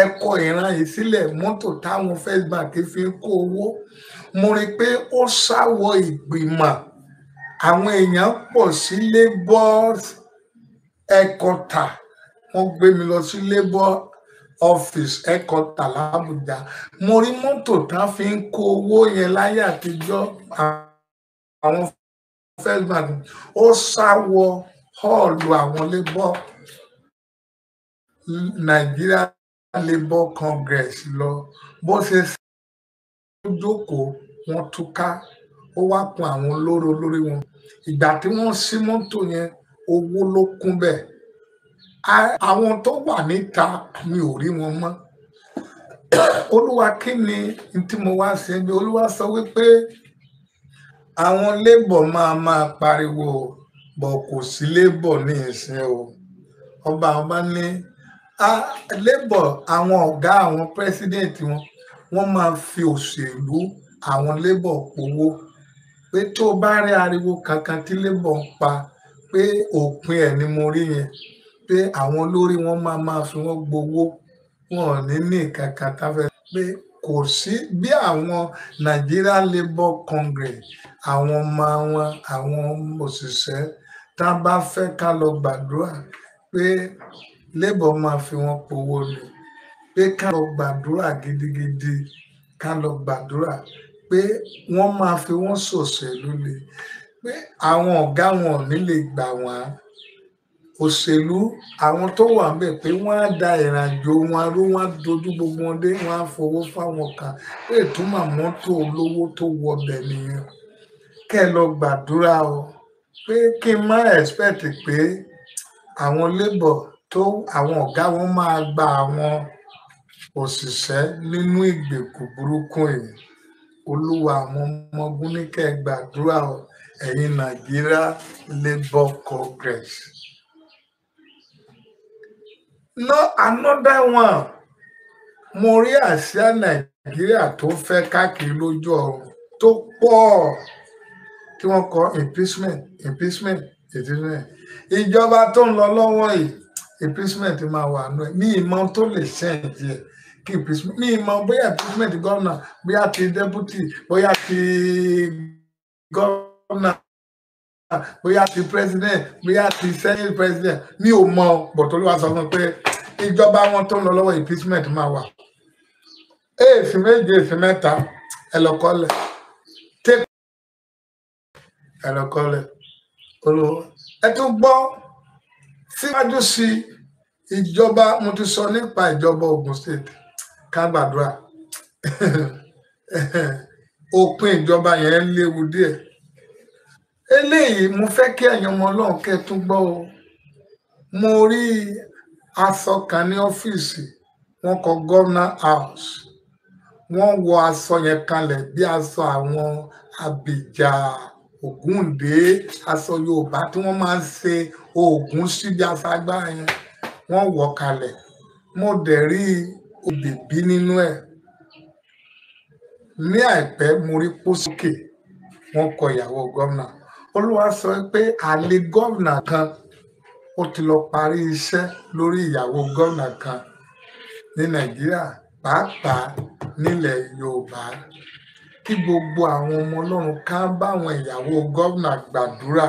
S3: ẹ̀kọ́ ìran yìí sílẹ̀ mọ́tò táwọn First Bank fi ń kó owó mo rí i pé ó ṣàwọ̀ ìgbìmọ̀ àwọn èèyàn pọ̀ sí labour ẹ̀kọ́tà wọ́n gbé mi lọ sí labour office ẹ̀kọ́tà làbújá mo rí mọ́tò tá fi ń kó owó yẹn láyé àtijọ́ àwọn first man ó sáwọ họ́ọ̀lù àwọn labour Nigeria labour congress lọ bó ṣe ṣe jókòó wọn túká ó wá kun àwọn olóró lórí wọn ìgbà tí wọ́n ṣí mọ́tò yẹn owó ló kún bẹ́ẹ̀ àwọn tó wà níta mi ò rí wọn mọ́ olúwa kí ni tí mo wá ṣe olúwa sọ wípé àwọn labour máa máa pariwo bọ̀ kò sí labour ní ìsìn o ọba ọba ní labour àwọn ọ̀gá àwọn president wọn wọ́n máa fi òṣèlú àwọn labour powó pé tó bá rí ariwo kankan tí labour ń pa pé òpin ẹ̀ ni mo rí yẹn pé àwọn olórí wọn máa máa fi wọn gbowó wọn ò ní ní kankan táfẹ́ pé kò sí bí àwọn Nigeria Labour Congress àwọn ọmọ wọn àwọn òṣìṣẹ́ tá a bá fẹ́ ká lọ gbàdúrà pé Labour máa fi wọn powó lò pé ká lọ gbàdúrà gidigidi ká lọ gbàdúrà pé wọ́n máa fi wọ́n ṣòṣèlú le pé àwọn ọ̀gá wọn ò ní lè gbà wọ́n á òṣèlú àwọn tó wà ń bẹ̀ pé wọ́n á da ìrìnàjò wọn rú wọ́n á dojú gbogbo wọn dé wọ́n á fowó fáwọn kan lè túmọ̀ mọ́tò olówó tó wọ ọbẹ̀ nìyẹn kẹ́ ẹ lọ gbàdúrà o pé kí n má expect pé àwọn labour tó àwọn ọ̀gá wọn máa gba àwọn òṣìṣẹ́ nínú ìgbèkùn burúkú yìí olúwa àwọn ọmọ ogun ní kẹ́ ẹ gbàdúrà o ẹ̀yin nàìjíríà labour congress. No, another one mo rí àsíá nàìjíríà tó ń fẹ́ káàkiri lójú ọ̀run tó pọ̀ tí wọ́n kọ impeachment impeachment impeachment ìjọba tó ń lọ lọ́wọ́ yìí impeachment máa wà nù ẹ̀ ní ìmọ̀ tó lè ṣẹ́ǹtì ẹ̀ kí impeachment ní ìmọ̀ bóyá impeachment gómìnà bóyá ti deputy bóyá ti gómìnà bóyá ti president bóyá ti senate president mi o mọ bọ̀ tó ló wá sọ fún pé ìjọba wọn tó ń lọ lọ́wọ́ impeachment máa wà èèfì méje èèfì mẹ́ta ẹlọ́kọ́lẹ̀ tẹ́kọ̀ ẹlọ́kọ́lẹ̀ olówó ẹ tún gbọ́ síwájú sí ìjọba mo ti sọ nípa ìjọba Ògùn state ká gbàdúrà òpin ìjọba yẹn léwu díẹ̀ eléyìí mo fẹ́ kí ẹ̀yin ọmọ ọlọ́run kẹ́ tún gbọ́ o mo rí aṣọ kan ní ọ́fíìsì wọ́n kọ governor house wọ́n wọ aṣọ yẹn kalẹ̀ bí aṣọ àwọn abìjà ògúndé aṣọ yorùbá tí wọ́n máa ń ṣe oògùn síbi aṣọ agbára yẹn wọ́n wọ kalẹ̀ mo dẹ̀ rí òbèbí nínú ẹ̀ ní àìpẹ́ mo rí pósókè wọ́n kọ ìyàwó gómìnà olúwa sọ pé àlè gómìnà kan ó ti lọ parí iṣẹ́ lórí ìyàwó gómìnà kan ní nàìjíríà pàápàá nílẹ̀ yorùbá kí gbogbo àwọn ọmọ ọlọ́run ká báwọn ìyàwó gómìnà gbàdúrà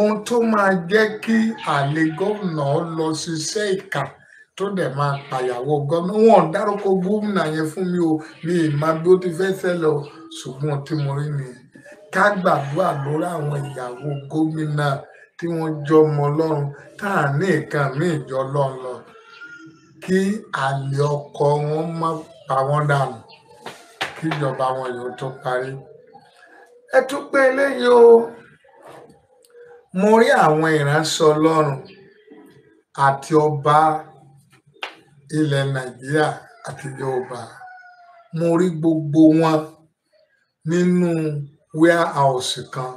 S3: ohun tó máa jẹ́ kí àlè gómìnà lọ ṣiṣẹ́ ìkà tó dẹ̀ máa pàyàwó gómìnà wọn dárúkọ gómìnà yẹn fún mi o mi ì bí ó ti fẹ́ ṣẹlẹ̀ ṣùgbọ́n tí mo rí nìyẹn ká gbàdúrà lórí àwọn ìyàwó gómìnà tí wọ́n jọ ọmọ ọlọ́run tá à ní nǹkan míì jọ ọlọ́run lọ kí àlè ọkọ wọn má pa wọn dànù kí ìjọba wọn yóò tó parí ẹ tún pé eléyìí o mo rí àwọn ìránṣẹ́ ọlọ́run àti ọba ilẹ̀ nàìjíríà àti yorùbá mo rí gbogbo wọn nínú. No warehouse kan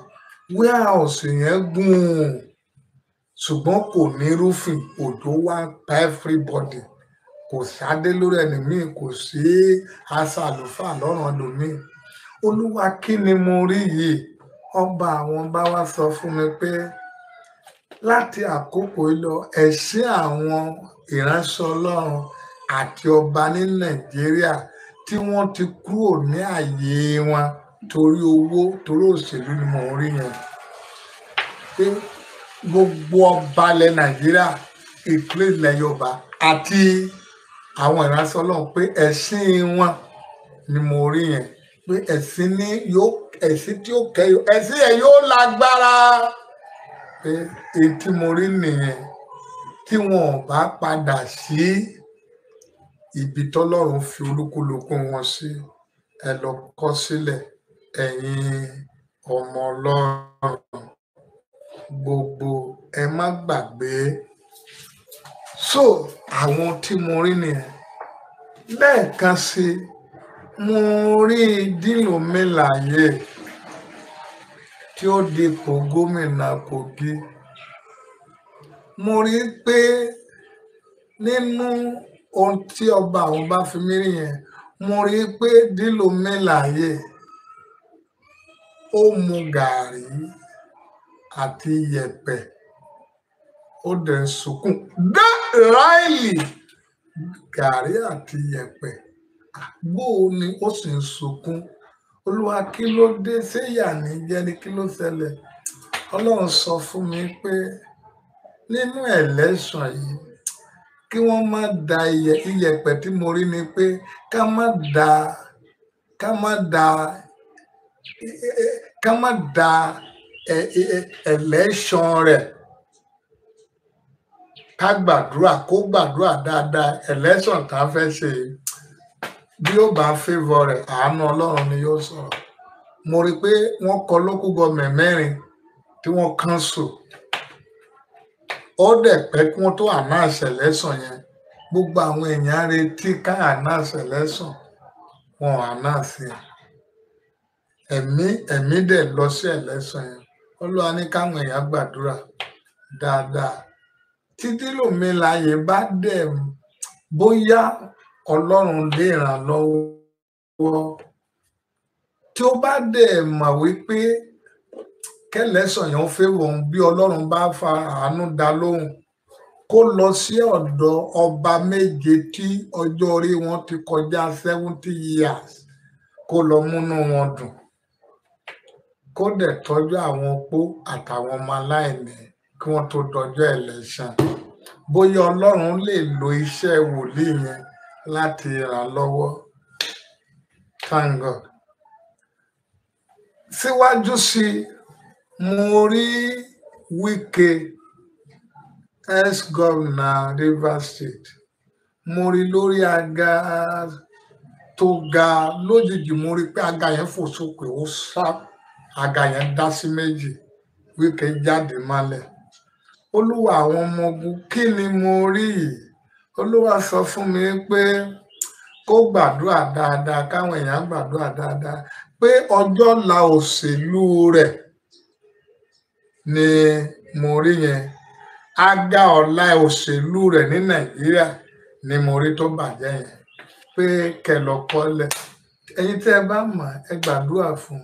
S3: warehouse yẹn gùn ṣùgbọ́n kò ní rúfin òjò wá pa everybody kò sáde lórí ẹlòmíì kò sí àṣà àlùfáà lọ́rùn ẹlòmíì olúwa kí ni mo rí yìí ọba àwọn bá wá sọ fún mi pé láti àkókò lọ ẹ̀sìn àwọn ìránṣẹ́ ọlọ́run àti ọba ní nàìjíríà tí wọ́n ti kúrò ní àyè wọn torí owó torí òṣèlú ni mò ń rí yẹn pé gbogbo ọba ilẹ̀ nàìjíríà ìpínlẹ̀ ilẹ̀ yorùbá àti àwọn ìránṣẹ́ ọlọ́run pé ẹ̀sìn wọn ni mo rí yẹn pé ẹ̀sìn ní yóò ẹ̀sìn tí ó kẹ́yọ ẹ̀sìn ẹ̀ yóò lágbára pé etí mo rí nìyẹn tí wọn ò bá padà sí ibi tọ́lọ́run fi olúkúlùkù wọn sí ẹ lọ kọ sílẹ̀. Si, ẹ̀yin ọmọ ọlọ́run gbogbo ẹ má gbàgbé so àwọn tí mo rí nìyẹn lẹ́ẹ̀kan sí mo rí dínlòmíláyè tí ó dipò gómìnà Kogi mo rí pé nínú ohun tí ọba àwọn bá fi mí rí yẹn mo rí pé dínlòmíláyè ó mu gàárì àti yẹ̀pẹ̀ ó dẹ̀ ń sunkún dá ráìlì gàárì àti yẹ̀pẹ̀ àgbóò ni ó sì ń sunkún olúwa kí ló dé séyà ní jẹni kí ló ṣẹlẹ̀ ọlọ́run sọ fún mi pé nínú ẹ̀lẹ́sàn yìí kí wọ́n má da iyẹ̀pẹ̀ tí mo rí ni pé ká má da ká má da ká má da ẹlẹ́ṣọ̀n rẹ̀ ká gbàdúrà kó gbàdúrà dáadáa ẹlẹ́ṣọ̀n tá a fẹ́ ṣe bí ó bá fẹ́vọ̀ rẹ̀ àánú ọlọ́run ni yóò sọ̀rọ̀ mo rí i pé wọ́n kọ local government mẹ́rin tí wọ́n cancel ó dẹ̀ pẹ́ kí wọ́n tó ànáàṣẹ lẹ́sàn yẹn gbogbo àwọn èèyàn retí ká ànáàṣẹ lẹ́sàn wọn ànáàṣẹ yẹn ẹ̀mí ẹ̀mí dẹ̀ lọ sí ẹ̀lẹ́sàn yẹn olúwa ní káwọn èèyàn gbàdúrà dáadáa títí lómi láàyè bá dẹ̀ bóyá ọlọ́run lè ràn lọ́wọ́ tí ó bá dẹ̀ mọ̀ wípé kẹlẹ́sàn yẹn ó fẹ́ bí ọlọ́run bá fa àánú dá lóhùn kó lọ sí ọ̀dọ̀ ọba méje tí ọjọ́ orí wọn ti kọjá seventy years kó lọ múnú wọn dùn kó dẹ̀ tọ́jú àwọn opó àtàwọn ọmọ aláìní kí wọ́n tó dọjọ́ ẹlẹ́sàn bóyá ọlọ́run lè lo iṣẹ́ wòlíì yẹn láti ràn lọ́wọ́ thank God síwájú sí mo rí Wike ex-governor Rivers State mo rí lórí aga tó ga lójijì mo rí pé aga yẹn fò sókè ó sáà àga yẹn dá sí méjì Wike jáde mọ́lẹ̀ olúwa àwọn ọmọ ogun kí ni mo rí yìí olúwa sọ fún mi pé kó gbàdúrà dáadáa káwọn èèyàn gbàdúrà dáadáa pé ọjọ́ la òṣèlú rẹ̀ ni mo rí yẹn àga ọ̀la òṣèlú rẹ̀ ní nàìjíríà ni mo rí tó bàjẹ́ yẹn pé kẹlọ̀kọ́lẹ̀ ẹ bá mọ̀ ẹ gbàdúrà fún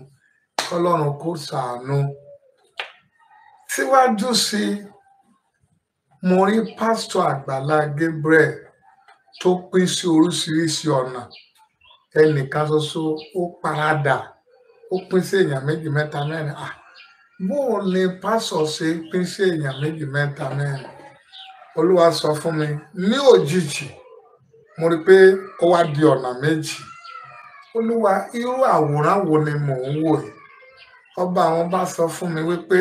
S3: kọ́lọ́run kó ṣàánú síwájú sí mo rí pásítọ̀ àgbàlá Gabriel tó pín sí oríṣiríṣi ọ̀nà ẹnìkan ṣoṣo ó paradà ó pín sí èèyàn méjì mẹ́ta mẹ́rin ah bó o lè pásọ̀ ṣe pín sí èèyàn méjì mẹ́ta mẹ́rin olúwa sọ fún mi ní òjijì mo rí pé ó wá di ọ̀nà méjì olúwa irú àwòrán wo ni mò ń wò yìí ọba àwọn bá sọ fún mi wípé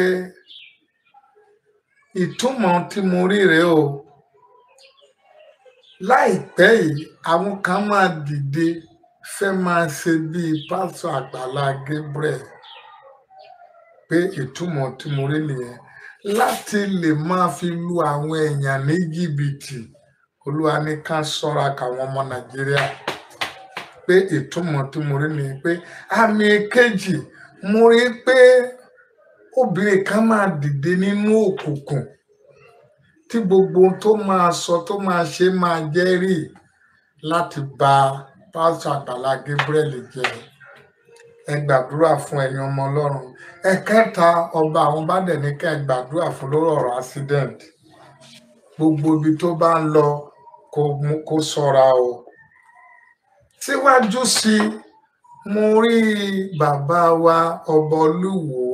S3: ìtumọ̀ tí mo rí rèé o láìpẹ́ yìí àwọn kan máa dìde fẹ́ máa ṣe bíi pásọ àgbàlá Gabriel pé ìtumọ̀ tí mo rí nìyẹn láti lè máa fi lu àwọn èèyàn ní jìbìtì olúwa ní ká ṣọ́ra káwọn ọmọ Nàìjíríà pé ìtumọ̀ tí mo rí nìyẹn pé àmì kejì mo rí i pé obìnrin kan máa dìde nínú òkùnkùn tí gbogbo ohun tó máa sọ tó máa ṣe máa jẹ́rìí láti ba pásítọ̀ Àgbàlá Gabriel jẹ́ ẹ gbàdúrà fún ẹ̀yin ọmọ Ọlọ́run ẹ kẹta ọba àwọn bá dẹ̀ ní ká ẹ gbàdúrà fún lórí ọ̀rọ̀ accident gbogbo ibi tó bá ń lọ kó ṣọ́ra o síwájú sí i mo bàbá wa ọba olúwo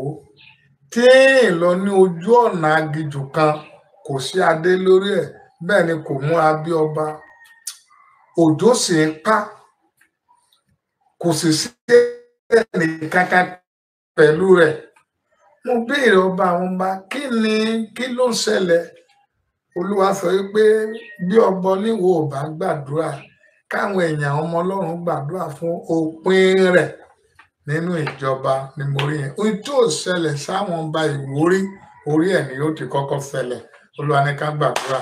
S3: téèyàn lọ ní ojú ọ̀nà agijù kan kò sí adé lórí ẹ̀ bẹ́ẹ̀ ni kò múra bí ọba òjò sì ń pa kò sì sí ẹnì kankan pẹ̀lú rẹ̀ mo béèrè ọba àwọn ọba kí ni kí ló ń ṣẹlẹ̀ olúwa sọ wípé bí ọbọ oníwo ọba gbàdúrà káwọn èèyàn ọmọ ọlọ́run gbàdúrà fún òpin rẹ̀ nínú ìjọba ni mo rí yẹn ohun tó ṣẹlẹ̀ sáwọn ọba ìwúrí orí ẹ̀ ni yóò ti kọ́kọ́ fẹlẹ̀ olúwa ní ká gbàdúrà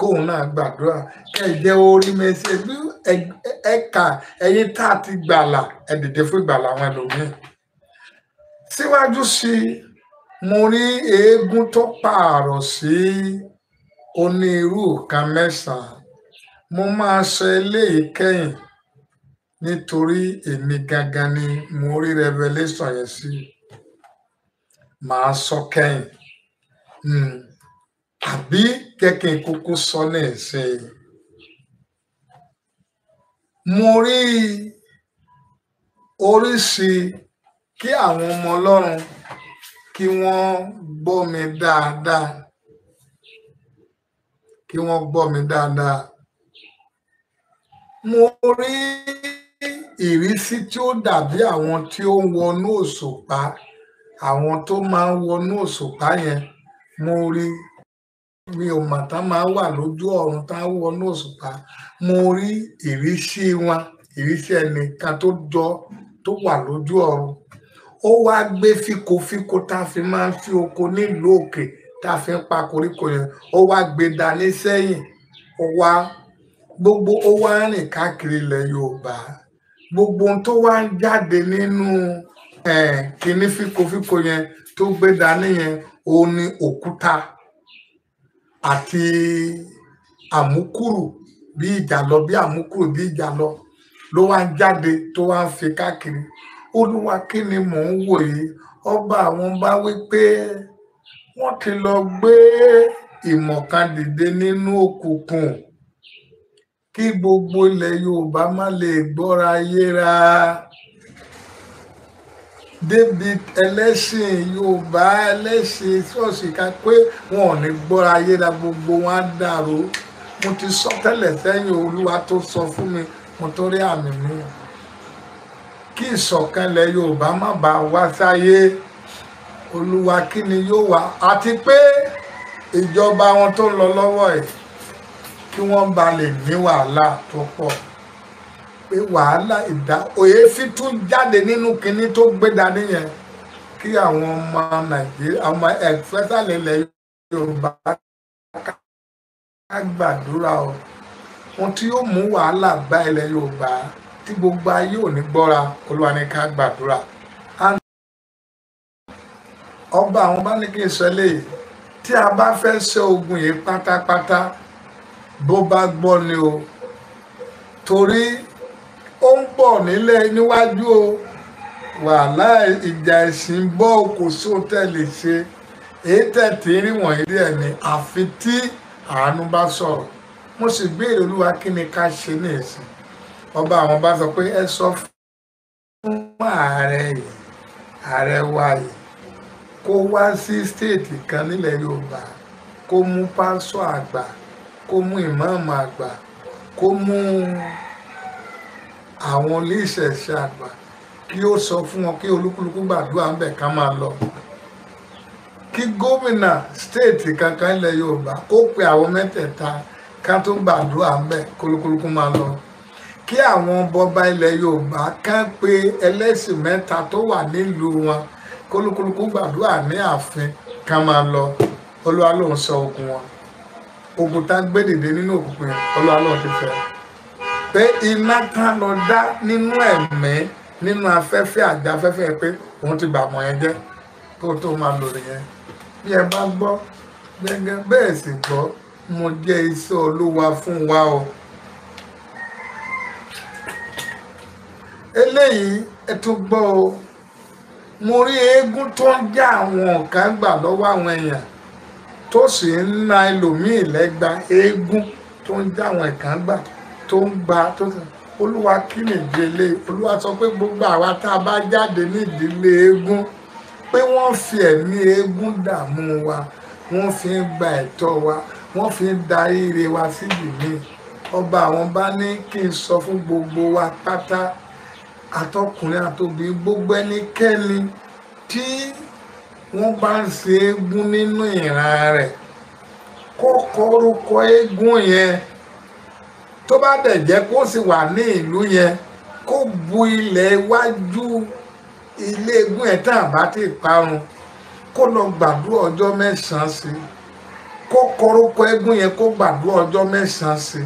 S3: kóun náà gbàdúrà kẹjẹ orí mẹsẹ bí ẹka ẹ̀yin tá a ti gbàlà ẹ dìde fún ìgbàlà àwọn ẹlòmíì síwájú sí mo rí eégún tó pààrọ̀ sí onírú kan mẹ́sàn-án mo máa ṣe eléyìí kẹ́yìn nítorí èmi gangan ni mo rí revelation yẹn sí màá sọ kẹ́yìn hmm. àbí kẹkẹ kúkú sọ ní ìsìn mo rí oríṣi kí àwọn ọmọ Ọlọ́run kí wọ́n gbọ́ mi dáadáa kí wọ́n gbọ́ mi dáadáa mo rí ìrísí tí ó dàbí àwọn tí ó ń wọnú òṣùpá àwọn tó máa ń wọnú òṣùpá yẹn mo rí mi ò mà tán máa wà lójú ọ̀run tá ń wọnú òṣùpá mo rí ìrísí wọn ìrísí ẹnìkan tó jọ tó wà lójú ọ̀run ó wá gbé fíkofíko tá a fi máa ń fi oko nílùú òkè tá a fi ń pa koríko yẹn ó wá gbé dání sẹ́yìn ó wá gbogbo ó wá ń rìn káàkiri ilẹ̀ yorùbá gbogbo ohun tó wá ń jáde nínú kínní fíkofíko yẹn tó gbé dání yẹn òun ni òkúta àti àmúkúrù bí ìjà lọ bí àmúkúrò bí ìjà lọ ló wá ń jáde tó wá ń fi káàkiri olúwa kí ni mò ń wò yìí ọba àwọn bá wí pé wọ́n ti lọ gbé ìmọ̀ kan dìde nínú òkùnkùn kí gbogbo ilẹ̀ yorùbá má lè gbọ́ra yéra débi ẹlẹ́sìn yorùbá ẹlẹ́sìn ṣọ́ọ̀ṣì ká pé wọn ò ní gbọ́ra yéra gbogbo wọn á dàrú mo ti sọ tẹ́lẹ̀ sẹ́yìn olúwa tó sọ fún mi mo tó rí àmì mi kí ìṣọ̀kan ilẹ̀ yorùbá má bàa wá sáyé olúwa kí ni yóò wá àti pé ìjọba wọn tó ń lọ lọ́wọ́ yìí kí wọ́n ba lè ní wàhálà tó pọ̀ pé wàhálà ìdá òyèéfín tún jáde nínú kinní tó gbé dání yẹn kí àwọn ọmọ nàìjíríà ọmọ especially ilẹ̀ yorùbá ká gbàdúrà o ohun tí yóò mú wàhálà bá ilẹ̀ yorùbá tí gbogbo ayé ò ní gbọ́ra olúwa ní ká gbàdúrà ọba àwọn bá ní kí n sọ eléyìí tí a bá fẹ́ ṣe ogun yìí pátápátá bó bá gbọ́ ni o torí ó ń bọ̀ nílẹ̀ níwájú o wàhálà ìjà ẹ̀sìn bọ́ kò sóòtẹ́ẹ̀lì ṣe èyí tẹ̀tì rí wọ̀nyí díẹ̀ ni àfi tí àánú bá sọ̀rọ̀ mo sì béèrè olúwa kí ni ká ṣe ní ìsìn ọba àwọn bá sọ pé ẹ sọ fún ààrẹ yìí ààrẹ wa yìí kó wá sí stéètì kan nílẹ̀ yorùbá kó mú pásọ àgbà kó mú ìmáàmù àgbà kó mú àwọn oníṣẹ̀ṣẹ̀ àgbà kí ó sọ fún wọn kí olúkúlùkù gbàdúrà ń bẹ̀ ká máa lọ kí gómìnà stéètì kankan ilẹ̀ yorùbá kó pe àwọn mẹ́tẹ̀ẹ̀ta ká tó gbàdúrà ń bẹ̀ kólúkúlùkù máa lọ kí àwọn bọba ilẹ̀ yorùbá kán pe ẹlẹ́sìn mẹ́ta tó wà nílùú wọn kólúkúlùkù gbàdúrà ní ààfin ká máa lọ olúwa ló ń sọ ogun wọn ogun tá gbé dìde nínú òkùnkùn yẹn ọlọ́wà náà ti fẹ́ pé iná tá lọ dá nínú ẹ̀mí nínú afẹ́fẹ́ àjáfẹ́fẹ́ pé òun ti gbàmọ̀ yẹn jẹ́ kó tó máa lò nìyẹn bí ẹ bá gbọ́ gbẹ́ngẹ́ bẹ́ẹ̀ sì gbọ́ mo jẹ́ iṣẹ́ olúwa fún wa o. eléyìí ẹ tún gbọ́ o mo rí eégún tó ń já àwọn ọ̀kan gbà lọ́wọ́ àwọn èèyàn tó sì ń na ẹlòmíì lẹ́gba eégún tó ń já àwọn ẹ̀kan gbà tó ń gba tó ń olúwa kí nìdílé olúwa sọ pé gbogbo àwa tá a bá jáde nídìílé eégún pé wọ́n fi ẹ̀mí eégún dààmú wa wọ́n fi ń gba ẹ̀tọ́ wa wọ́n fi ń da ire wa síbi mi ọba àwọn bá ní kí n sọ fún gbogbo wa pátá àtọkùnrin àtòbí gbogbo ẹnikẹ́ni tí wọ́n bá ń ṣe eégún nínú ìran rẹ̀ kọ́kọ́ orúkọ eégún yẹn tó bá dẹ̀ jẹ́ kó sì wà ní ìlú yẹn kó bu ilẹ̀ iwájú ilé eégún yẹn tán àbá ti parun kó lọ gbàdúrà ọjọ́ mẹ́sàn-án sí kó kọrúkọ eégún yẹn kó gbàdúrà ọjọ́ mẹ́sàn-án sí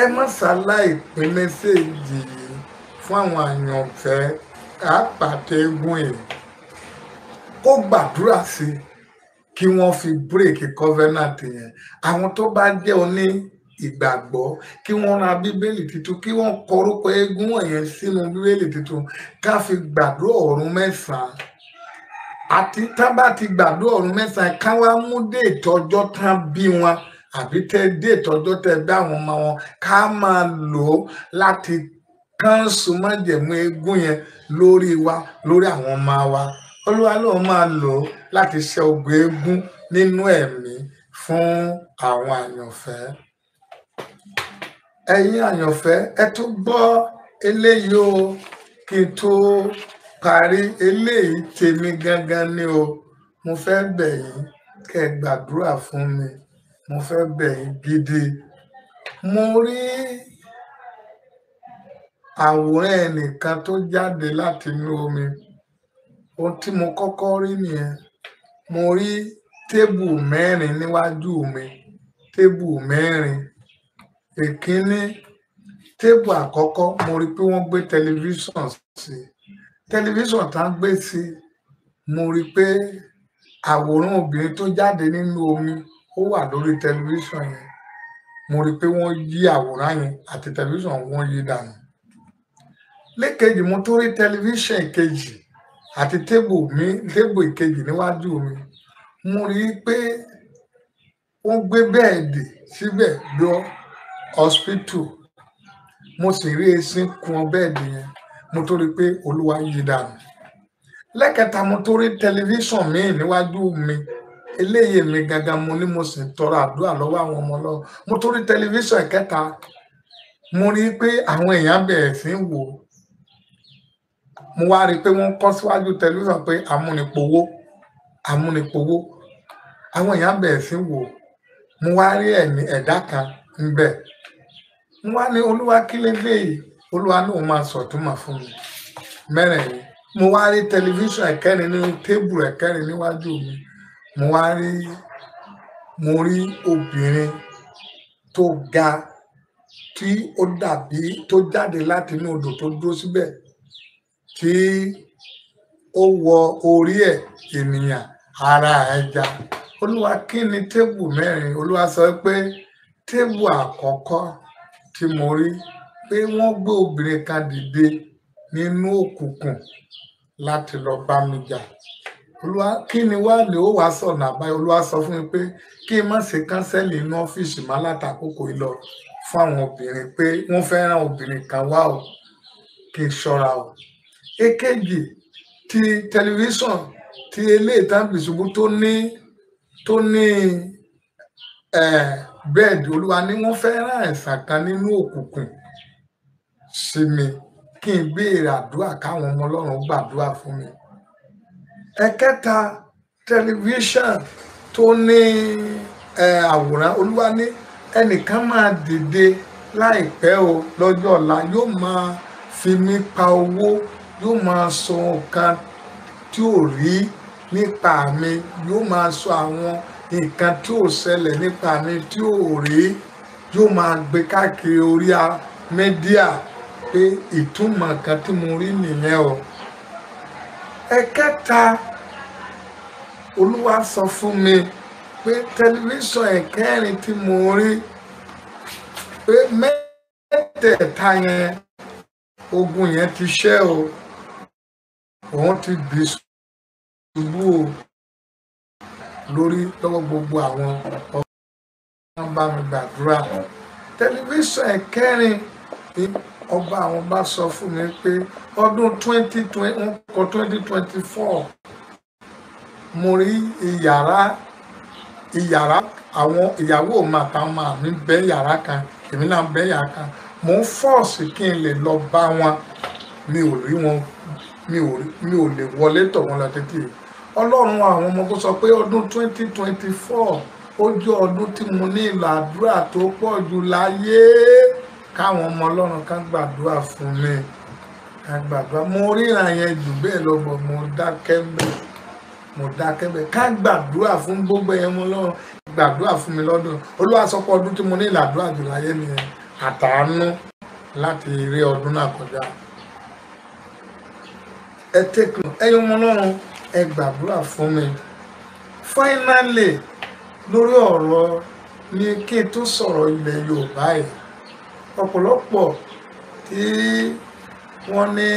S3: ẹ má ṣàláì pín mẹ́sẹ̀ẹ́jì yìí fún àwọn àyànfẹ́ àpàtẹ eégún yìí kó gbàdúrà sí kí wọ́n fi bírèkì covenant yẹn àwọn tó bá jẹ́ oní ìgbàgbọ́ kí wọ́n ra bíbélì tuntun kí wọ́n kọrúkọ eégún wọ̀nyẹn sínú bíbélì tuntun ká fi gbàdúrà ọ̀run mẹ́sàn-án àti tá bá ti gbàdúrà ọ̀run mẹ́sàn-án ká wá mú dé ìtọ́jọ́ tán bí wọn àbí tẹ dé ìtọ́jọ́ tẹ bá àwọn ọmọ wọn ká máa lò ó láti kánṣu májẹ̀mú eégún yẹn lórí wa lórí àwọn ọmọ wa olúwa lóun máa lò ó láti ṣe ogun eégún nínú ẹ̀mí fún àwọn àyànfẹ́ ẹ̀yin àyànfẹ́ ẹ tún gbọ́ eléyìí o kí n tó parí eléyìí tèmi gangan ni o mo fẹ́ bẹ̀ yín kẹ́ ẹ gbàdúrà fún mi mo fẹ́ bẹ̀ yín gidi mo rí àwòrán ẹnìkan tó jáde látinú omi ohun tí mo kọ́kọ́ rí nìyẹn mo rí tébù mẹ́rin níwájú mi tébù mẹ́rin èkínní tébù àkọ́kọ́ mo rí pé wọ́n gbé tẹlifíṣàn sí tẹlifíṣàn tá ń gbé sí mo rí pé àwòrán obìnrin tó jáde nínú omi ó wà lórí tẹlifíṣàn yẹn mo rí pé wọ́n yí àwòrán yẹn àti tẹlifíṣàn wọ́n yí dànù lẹ́kejì mo tó rí tẹlifíṣàn kejì àti tébù mi tébù ìkejì níwájú mi mo rí i pé wọ́n gbé bẹ́ẹ̀dì síbẹ̀ lọ hospital mo sì rí esin kun bẹ́ẹ̀dì yẹn mo tó rí i pé olúwa yí dànù lẹ́kẹ̀ta mo tó rí tẹlifíṣàn mi níwájú mi eléyìí mi gangan mo ní mo sì tọrọ àdúrà lọ́wọ́ àwọn ọmọ lọ́wọ́ mo tó rí tẹlifíṣàn ẹ̀kẹta mo rí i pé àwọn èèyàn bẹ̀rẹ̀ sí wò ó mo wá rí i pé wọ́n kọ́ síwájú tẹlifíṣàn pé amúnipòwó amúnipòwó àwọn èèyàn bẹ̀rẹ̀ sí wò mo wá rí ẹ̀mí ẹ̀dá kan ńbẹ̀ mo wá ní olúwa kí lélẹ̀ yìí olúwa náà máa sọ̀túnmọ̀ fún mi mẹ́rin yìí mo wá rí tẹlifíṣàn ẹ̀kẹ́rin ní tébù ẹ̀kẹ́rin níwájú mi mo wá rí mo rí obìnrin tó ga tí ó dàbí tó jáde láti inú odò tó dúró síbẹ̀ tí ó wọ orí ẹ̀ ènìyàn ara ẹja olúwa kí ni tébù mẹ́rin olúwa sọ pé tébù àkọ́kọ́ tí mo rí pé wọ́n gbé obìnrin kan dìde nínú òkùnkùn láti lọ bá mi jà olúwa kí ni wá lè ó wàá sọ̀nà àbáyọ olúwa sọ fún mi pé kí n má ṣe kánsẹ́lì inú ọ́fíìsì má látàkókò yìí lọ fún àwọn obìnrin pé wọ́n fẹ́ obìnrin kan wá o kí n ṣọ́ra o èkejì ti tẹlifíṣàn ti eléyìí tábìlì ṣùgbọ́n tó ní tó ní bẹ́ẹ̀dì olúwa ni wọ́n fẹ́ rán ẹ̀sà kan nínú òkùnkùn sí mi kí n béèrè àdúrà káwọn ọmọ ọlọ́run gbàdúrà fún mi ẹ̀kẹta tẹlifíṣàn tó ní àwòrán olúwa ní ẹnìkan máa dìde láìpẹ́ o lọ́jọ́ ọ̀la yóò máa fi mí pa owó yóò máa sọ nǹkan tí ò rí nípa mi yóò máa sọ àwọn nǹkan tí ò ṣẹlẹ̀ nípa mi tí ò rí yóò máa gbé káàkiri orí mẹ́díà pé ìtumọ̀ kan tí mo rí nìyẹn o. ẹ̀kẹta olúwa sọ fún mi pé tẹlifíṣàn ẹ̀kẹrin tí mo rí pé mẹ́tẹ̀ẹ̀ta yẹn ogun yẹn ti ṣẹ́ o wọ́n ti gbé ṣubú o lórí lọ́wọ́ gbogbo àwọn ọkọ̀ wọn bá mi gbàdúrà tẹlifíṣàn kẹrin ni ọba àwọn bá sọ fún mi pé ọdún twenty twenty nǹkan twenty twenty four mo rí ìyàrá ìyàrá àwọn ìyàwó mi àtàwọn ọmọ mi bẹ yàrá kan èmi náà bẹ yàrá kan mò ń fọ́ọ̀sì kí n lè lọ bá wọn mi ò rí wọn mi ò mi ò lè wọlé tọ̀ wọn ládékè ọlọ́run àwọn ọmọ kó sọ pé ọdún twenty twenty four ó jẹ́ ọdún tí mo ní ìlàdúrà tó pọ̀ jù láyé káwọn ọmọ ọlọ́run kan gbàdúrà fún mi kan gbàdúrà mo ríran yẹn jù bẹ́ẹ̀ lọ́gbọ̀n mo dákẹ́ bẹ́ẹ̀ mo dákẹ́ bẹ́ẹ̀ ká gbàdúrà fún gbogbo ẹ̀yẹn mo lọ́run gbàdúrà fún mi lọ́dún olúwa sọ pé ọdún tí mo ní ìlàdúrà jù láyé nìyẹn àtàánú láti rí ọdún náà kọjá ẹ tẹkùn ẹyọ ọmọ ọlọ́run ẹ gbàdúrà fún mi fáínálì lórí ọ̀rọ̀ ni kí n tó sọ̀rọ̀ ilẹ̀ yorùbá yìí ọ̀pọ̀lọpọ̀ tí wọ́n ní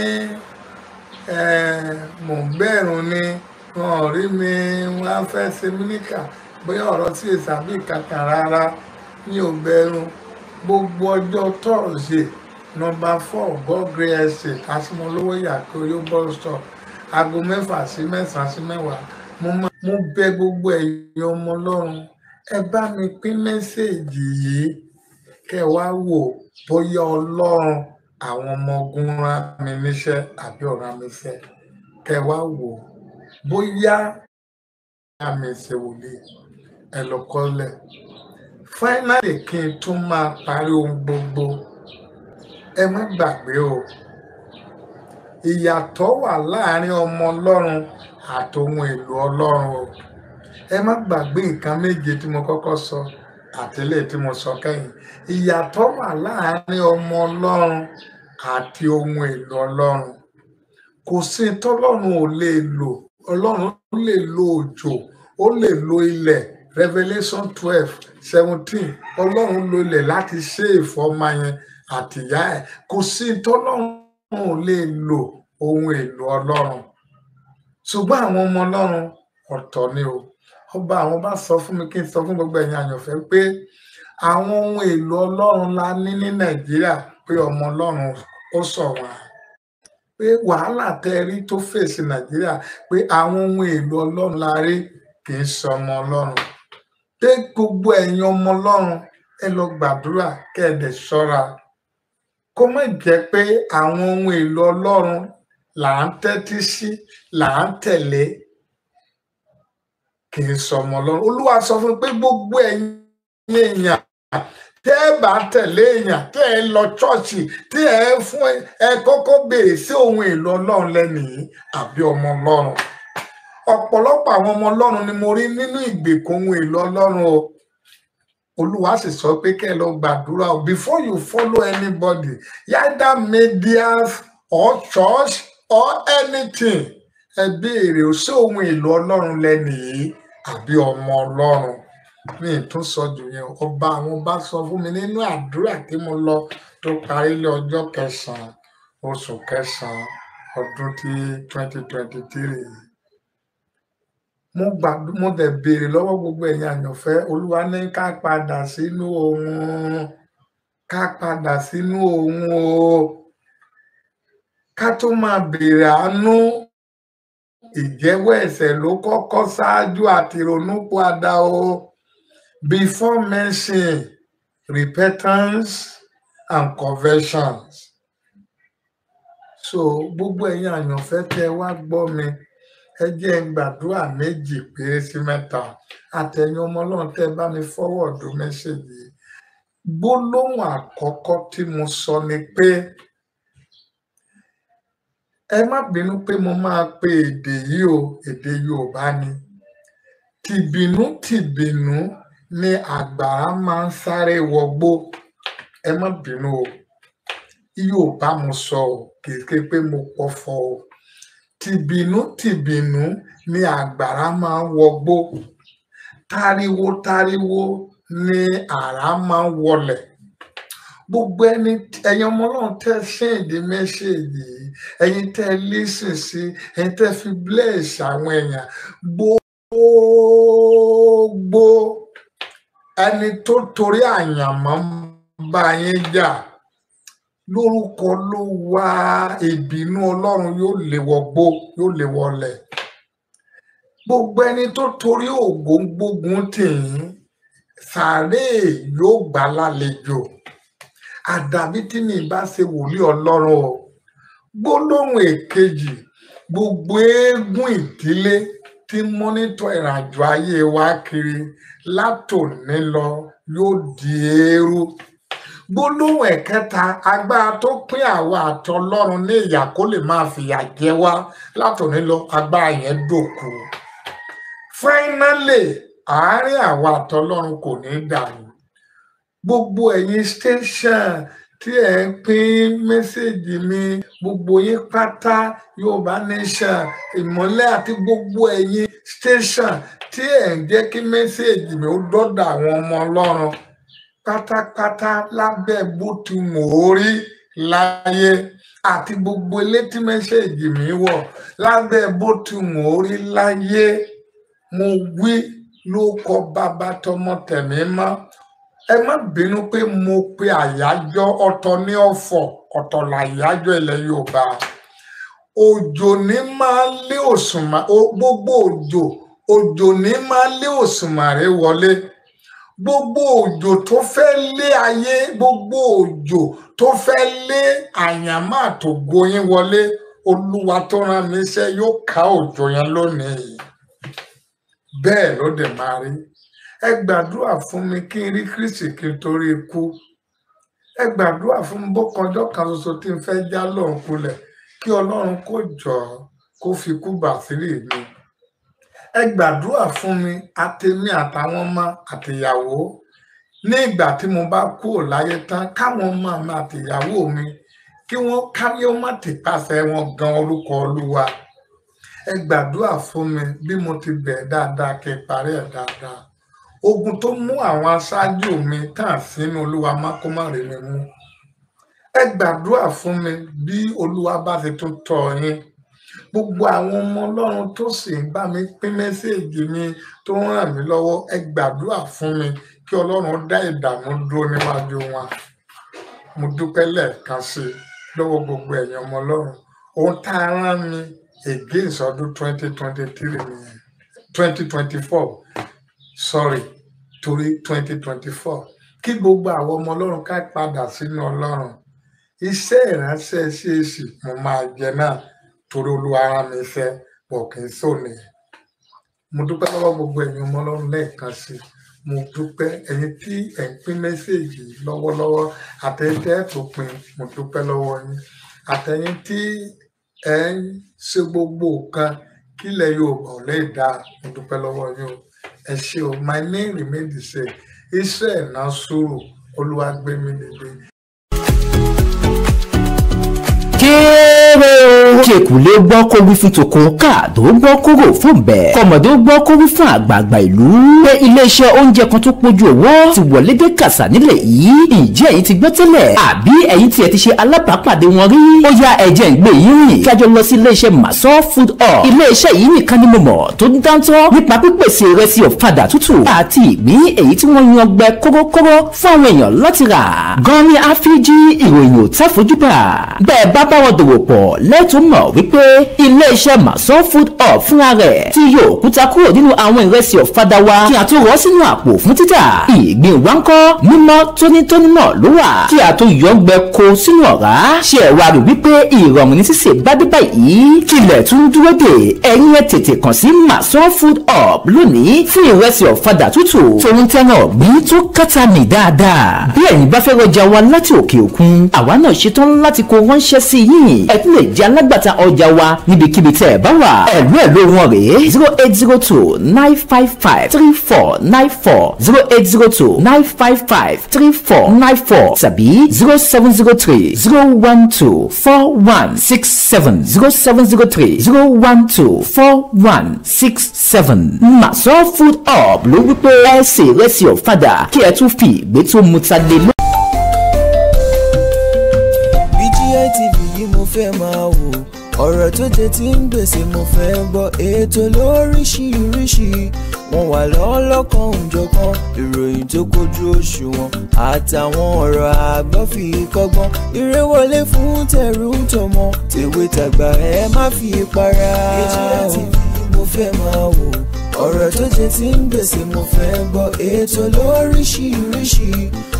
S3: mò ń gbẹ̀rùn ni wọn ò rí mi wọn á fẹ́ ṣe mí níkà bóyá ọ̀rọ̀ sí èsàbí kankan rárá mi ò gbogbo ọjọ́ tọ̀rọ̀ nọ́mbà four god grey estate asimolowo yàtọ̀ yóò bus stop aago mẹ́fà sí mẹ́sàn-án sí mẹ́wàá mo bẹ̀ gbogbo ẹ̀yin ọmọ ọlọ́run ẹ bá mi pín mẹ́sẹ̀gì yìí kẹ́ ẹ wá wò bóyá ọlọ́run àwọn ọmọ ogun rán mi níṣẹ́ àbí ọ̀ràn mi fẹ́ kẹ́ ẹ wá wò bóyá àmì ìṣèwòlé ẹ lọ kọ́lẹ̀ fáínàlì kí n tún máa parí ohun gbogbo ẹ má gbàgbé o ìyàtọ̀ wà láàrin ọmọ ọlọ́run àtòhun èlò ọlọ́run o ẹ má gbàgbé nǹkan méje tí mo kọ́kọ́ sọ àtẹlẹ tí mo sọ kẹ́yìn ìyàtọ̀ wà láàrin ọmọ ọlọ́run àti ohun èlò ọlọ́run kò sí tọ́lọ́run ò lè lò ọlọ́run ó lè lo òjò ó lè lo ilẹ̀ Revelation twelve seventeen ọlọ́run lo ilẹ̀ láti ṣe ìfọ́mọ yẹn àtìyá ẹ̀ kò sí tọ́lọ́run lè lo ohun èlò ọlọ́run ṣùgbọ́n àwọn ọmọ ọlọ́run ọ̀tọ̀ ni o ọba àwọn bá sọ fún mi kí n sọ fún gbogbo ẹ̀yin àyànfẹ́ pé àwọn ohun èlò ọlọ́run la ní ní nàìjíríà pé ọmọ ọlọ́run ó sọ wọn pé wàhálà tẹ rí tó fèsì nàìjíríà pé àwọn ohun èlò ọlọ́run la rí kì í ṣe ọmọ ọlọ́run pé gbogbo ẹ̀yin ọmọ ọlọ́run ẹ lọ gbàdúrà kẹ́ ẹ dẹ̀ ṣọ́ra kó má jẹ́ pé àwọn ohun èlò ọlọ́run là ń tẹ́tí sí là ń tẹ̀lé kì í sọmọ ọlọ́run olúwa sọ fún mi pé gbogbo ẹ̀yin èèyàn tẹ́ ẹ bá tẹ̀lé èèyàn tẹ́ ẹ lọ ṣọ́ọ̀ṣì tí ẹ fún ẹ kọ́kọ́ béèrè sí ohun èlò ọlọ́run lẹ́nìí àbí ọmọ ọlọ́run ọ̀pọ̀lọpọ̀ àwọn ọmọ ọlọ́run ni mo rí nínú ìgbèkùn ohun èlò ọlọ́run o olúwa sì sọ pé kẹ́ ẹ lọ gbàdúrà o before you follow anybody yàda media or church or anything ẹ béèrè o ṣé ohun èlò ọlọ́run lẹ́nìí àbí ọmọ ọlọ́run mi tún sọ jù yẹn ọba àwọn ọba sọ fún mi nínú àdúrà tí mo lọ tó parí lé ọjọ́ kẹsàn-án oṣù kẹsàn-án ọdún tí twenty twenty three mo gbà mo dẹ̀ béèrè lọ́wọ́ gbogbo ẹ̀yin àyànfẹ́ olúwa ní ká padà sínú ohun ká padà sínú ohun o ká tó máa béèrè àánú ìjẹ́wọ́ ẹ̀ṣẹ̀ ló kọ́kọ́ ṣáájú àti ronúpìwàdà o before mention repentance and conversions so gbogbo ẹ̀yin àyànfẹ́ tẹ́ wá gbọ́ mi ẹ jẹ́ ń gbàdúrà méjì péré sí mẹ́ta àtẹ̀yìn ọmọ ọlọ́run tẹ́ bá mi fọ́wọ́ọ̀dù mẹ́sẹ̀gì gbólóhùn àkọ́kọ́ tí mo sọ ni pé ẹ má bínú pé mo máa pe èdè yìí o èdè yorùbá ni tìbínú tìbínú ni àgbàrá máa ń sáré wọgbó ẹ má bínú o yorùbá mo sọ o kì í ṣe pé mo pọfọ o tìbínú-tìbínú ni àgbàrá máa ń wọgbó táriwo-táriwo ni àrá máa ń wọlẹ̀ gbogbo ẹni ẹ̀yin ọmọ Ọlọ́run tẹ́ ṣéǹdì mẹ́ṣẹ́ẹ̀dì yìí ẹ̀yin tẹ́ lísìn sí ẹ̀yin tẹ́ fi bless àwọn èèyàn gbogbo ẹni tó torí àyànmọ́ ń bá yín jà. Ja lórúkọ ló wá ìbínú ọlọ́run yóò léwọ gbó yóò léwọ ọlẹ̀ gbogbo ẹni tó torí ògùn gbógun tì í sàárè yóò gbà lálejò àdàbí tí mi bá ṣe wòlíì ọlọ́run o gbólóhùn èkejì gbogbo eégún ìdílé tí mọ́nítọ̀ ìrìnàjò ayé wa kiri látòní lọ yóò di eérú gbólóhùn ẹ̀kẹta agbára tó pín àwa àti ní ìyà kó lè máa fìyà jẹ wá látòní lọ agbára yẹn dòkú fáínálì àárín àwa àti kò ní dànù gbogbo ẹ̀yin station tí ẹ ń pín mẹ́sẹ̀gì mi gbogbo yín pátá yorùbá nation ìmọ́lẹ̀ àti gbogbo ẹ̀yin station tí ẹ ń jẹ́ kí mẹ́sẹ̀gì mi ó dọ́dọ̀ àwọn ọmọ ọlọ́run pátápátá lábẹ́ bó ti mọ̀ ó rí láyé àti gbogbo elétí mẹ́sẹ̀gì mi wọ̀ lábẹ́ bó ti mọ̀ ó rí láyé mo wí ló kọ bàbá tọmọ tẹ̀mí mọ́ ẹ má bínú pé mo pe àyájọ́ ọ̀tọ̀ ní ọ̀fọ̀ ọ̀tọ̀ làyájọ́ ilẹ̀ Yorùbá òjò ní máa lé òṣùmà gbogbo òjò òjò ní máa lé òṣùmàrè wọlé gbogbo òjò tó fẹ́ lé ayé gbogbo òjò tó fẹ́ lé àyàmá àtògo yín wọlé olúwa tó rán mi iṣẹ́ yóò ká òjò yẹn lónìí bẹ́ẹ̀ ló dẹ̀ máa rí ẹ gbàdúrà fún mi kí n rí Kristi kí n torí ikú ẹ gbàdúrà fún mi bó kan ṣoṣo tí n fẹ́ já lọ́run kulẹ̀ kí Ọlọ́run kó jọ kó fi kú bàtírì mi ẹ gbàdúrà fún mi àtèmi àtàwọn ọmọ àtìyàwó ní ìgbà tí mo bá kúrò láyé tán káwọn ọmọ mi àtìyàwó mi kí wọ́n káyé má ti pàṣẹ wọn gan orúkọ olúwa ẹ gbàdúrà fún mi bí mo ti bẹ̀ dáadáa kí n parí ẹ̀ dáadáa ogun tó mú àwọn aṣáájú mi tàn sínú olúwa mákòmárè mi mú ẹ gbàdúrà fún mi bí olúwa bá ti tún tọ̀ yín gbogbo àwọn ọmọ ọlọ́run tó sì ń bá mi pín mẹ́sẹ̀gì mi tó ń ràn mí lọ́wọ́ ẹ gbàdúrà fún mi kí ọlọ́run dá ìdààmú dúró níwájú wọn mo dúpẹ́ lẹ́ẹ̀kan sí i lọ́wọ́ gbogbo ẹ̀yin ọmọ ọlọ́run ohun tá a rán mi against ọdún twenty twenty three nìyẹn twenty twenty four sorry torí twenty twenty four kí gbogbo àwọn ọmọ ọlọ́run ká padà sínú ọlọ́run iṣẹ́ ìránṣẹ́ ṣèèṣì mo máa jẹ náà torí olúwa rán mi iṣẹ́ pọ̀ kì í sóni mo dúpẹ́ lọ́wọ́ gbogbo ẹ̀yin ọmọ ọlọ́run lẹ́ẹ̀kan sí mo dúpẹ́ ẹ̀yin tí ẹ̀ ń pín mẹ́sẹ̀gì lọ́wọ́lọ́wọ́ àtẹ̀yìntẹ́ tó pin mo dúpẹ́ lọ́wọ́ yín àtẹ̀yìn tí ẹ̀ ń ṣe gbogbo nǹkan kí ilẹ̀ Yorùbá ò lè dá mo dúpẹ́ lọ́wọ́ yín o ẹ ṣé o my name remain the same Israel Nasiru olúwa gbé mi dìde
S4: kóró. kí èkúlé gbọ́ kó wí fún tòkun káàdó gbọ́ kóró fún bẹ́ẹ̀. kọ̀mọ̀dé gbọ́ kó wí fún àgbààgbà ìlú. pé iléeṣẹ́ oúnjẹ kan tó pójú owó ti wọlé dé kàṣà nílẹ̀ yìí. ǹjẹ́ ẹ̀yin ti gbọ́ tẹ́lẹ̀ àbí ẹ̀yin tiẹ̀ ti ṣe alábàápàdé wọn rí. ó ya ẹ̀jẹ̀ ń gbé rìn. kájọ lọ sí iléeṣẹ́ maso food hall. iléeṣẹ́ yìí nìkan ni mo mọ̀ tó ń dáńtọ́ nípa pípèsè ìrẹsì ọ̀fadà tútù àti ìgbín èyí tí wọ́n yan gbẹ kórókóró fún àwọn èèyàn láti rà. gan ni ìròyìn ò tẹ́ fojú bà. bẹ́ẹ̀ bá báwọn dòwò pọ̀ ọ̀hún lẹ́tún mọ̀ wípé ilé-iṣẹ́ mason food up, fúnra rẹ̀ ti yọ òkúta kúrò nínú àwọn ìrẹsì ọ̀fadà wa kí a tó rọ́ sínú àpò fún títà ìgbín wa ń kọ́ mímọ́ tónítóní náà ló wà kí a tó yọ ọgbẹ́ ko sínú ọ̀rá ṣe ẹ̀ wá rò wípé ìrọ̀rùn ní sísè bá dé báyìí kílẹ̀ tún dúró dè ẹ̀yin ẹ̀ tètè kàn sí mason food hub lónìí fún ìrẹsì ọ̀fadà tútù tòun tẹ́ran ọ̀gbìn tó kátà mì dáadáa bí ẹ̀yin bá fẹ́ rọjà wa láti òkè òkun àwa náà ṣetán láti kó ránṣẹ́ sí lè jẹ́ alágbàtà ọjà wa níbikíbi tẹ́ ẹ bá wà ẹ̀lú ẹ̀lú wọn rèé zero eight zero two nine five five three four nine four zero eight zero two nine five five three four nine four tàbí zero seven zero three zero one two four one six seven zero seven zero three zero one two four one six seven. Maso Food up. ló wípé ẹ ṣe ìrẹsì ọ̀fadà kí ẹ tún fi ìgbé tó mu ta lé lọ.
S1: fẹ́ máa wò ọ̀rọ̀ tó jẹ ti ń gbèsè mo fẹ́ gbọ́ ètò lóríṣiríṣi wọn wà lọ́lọ́kan òjọ̀kan ìròyìn tó kojú òṣùwọ̀n àtàwọn ọ̀rọ̀ àgbọ́ fi kọ́gbọ́n eré wọlé fún tẹrú tọmọ tèwe tàgbà ẹ má fi para o mo fẹ́ máa wò ọ̀rọ̀ tó jẹ ti ń gbèsè mo fẹ́ gbọ́ ètò lóríṣiríṣi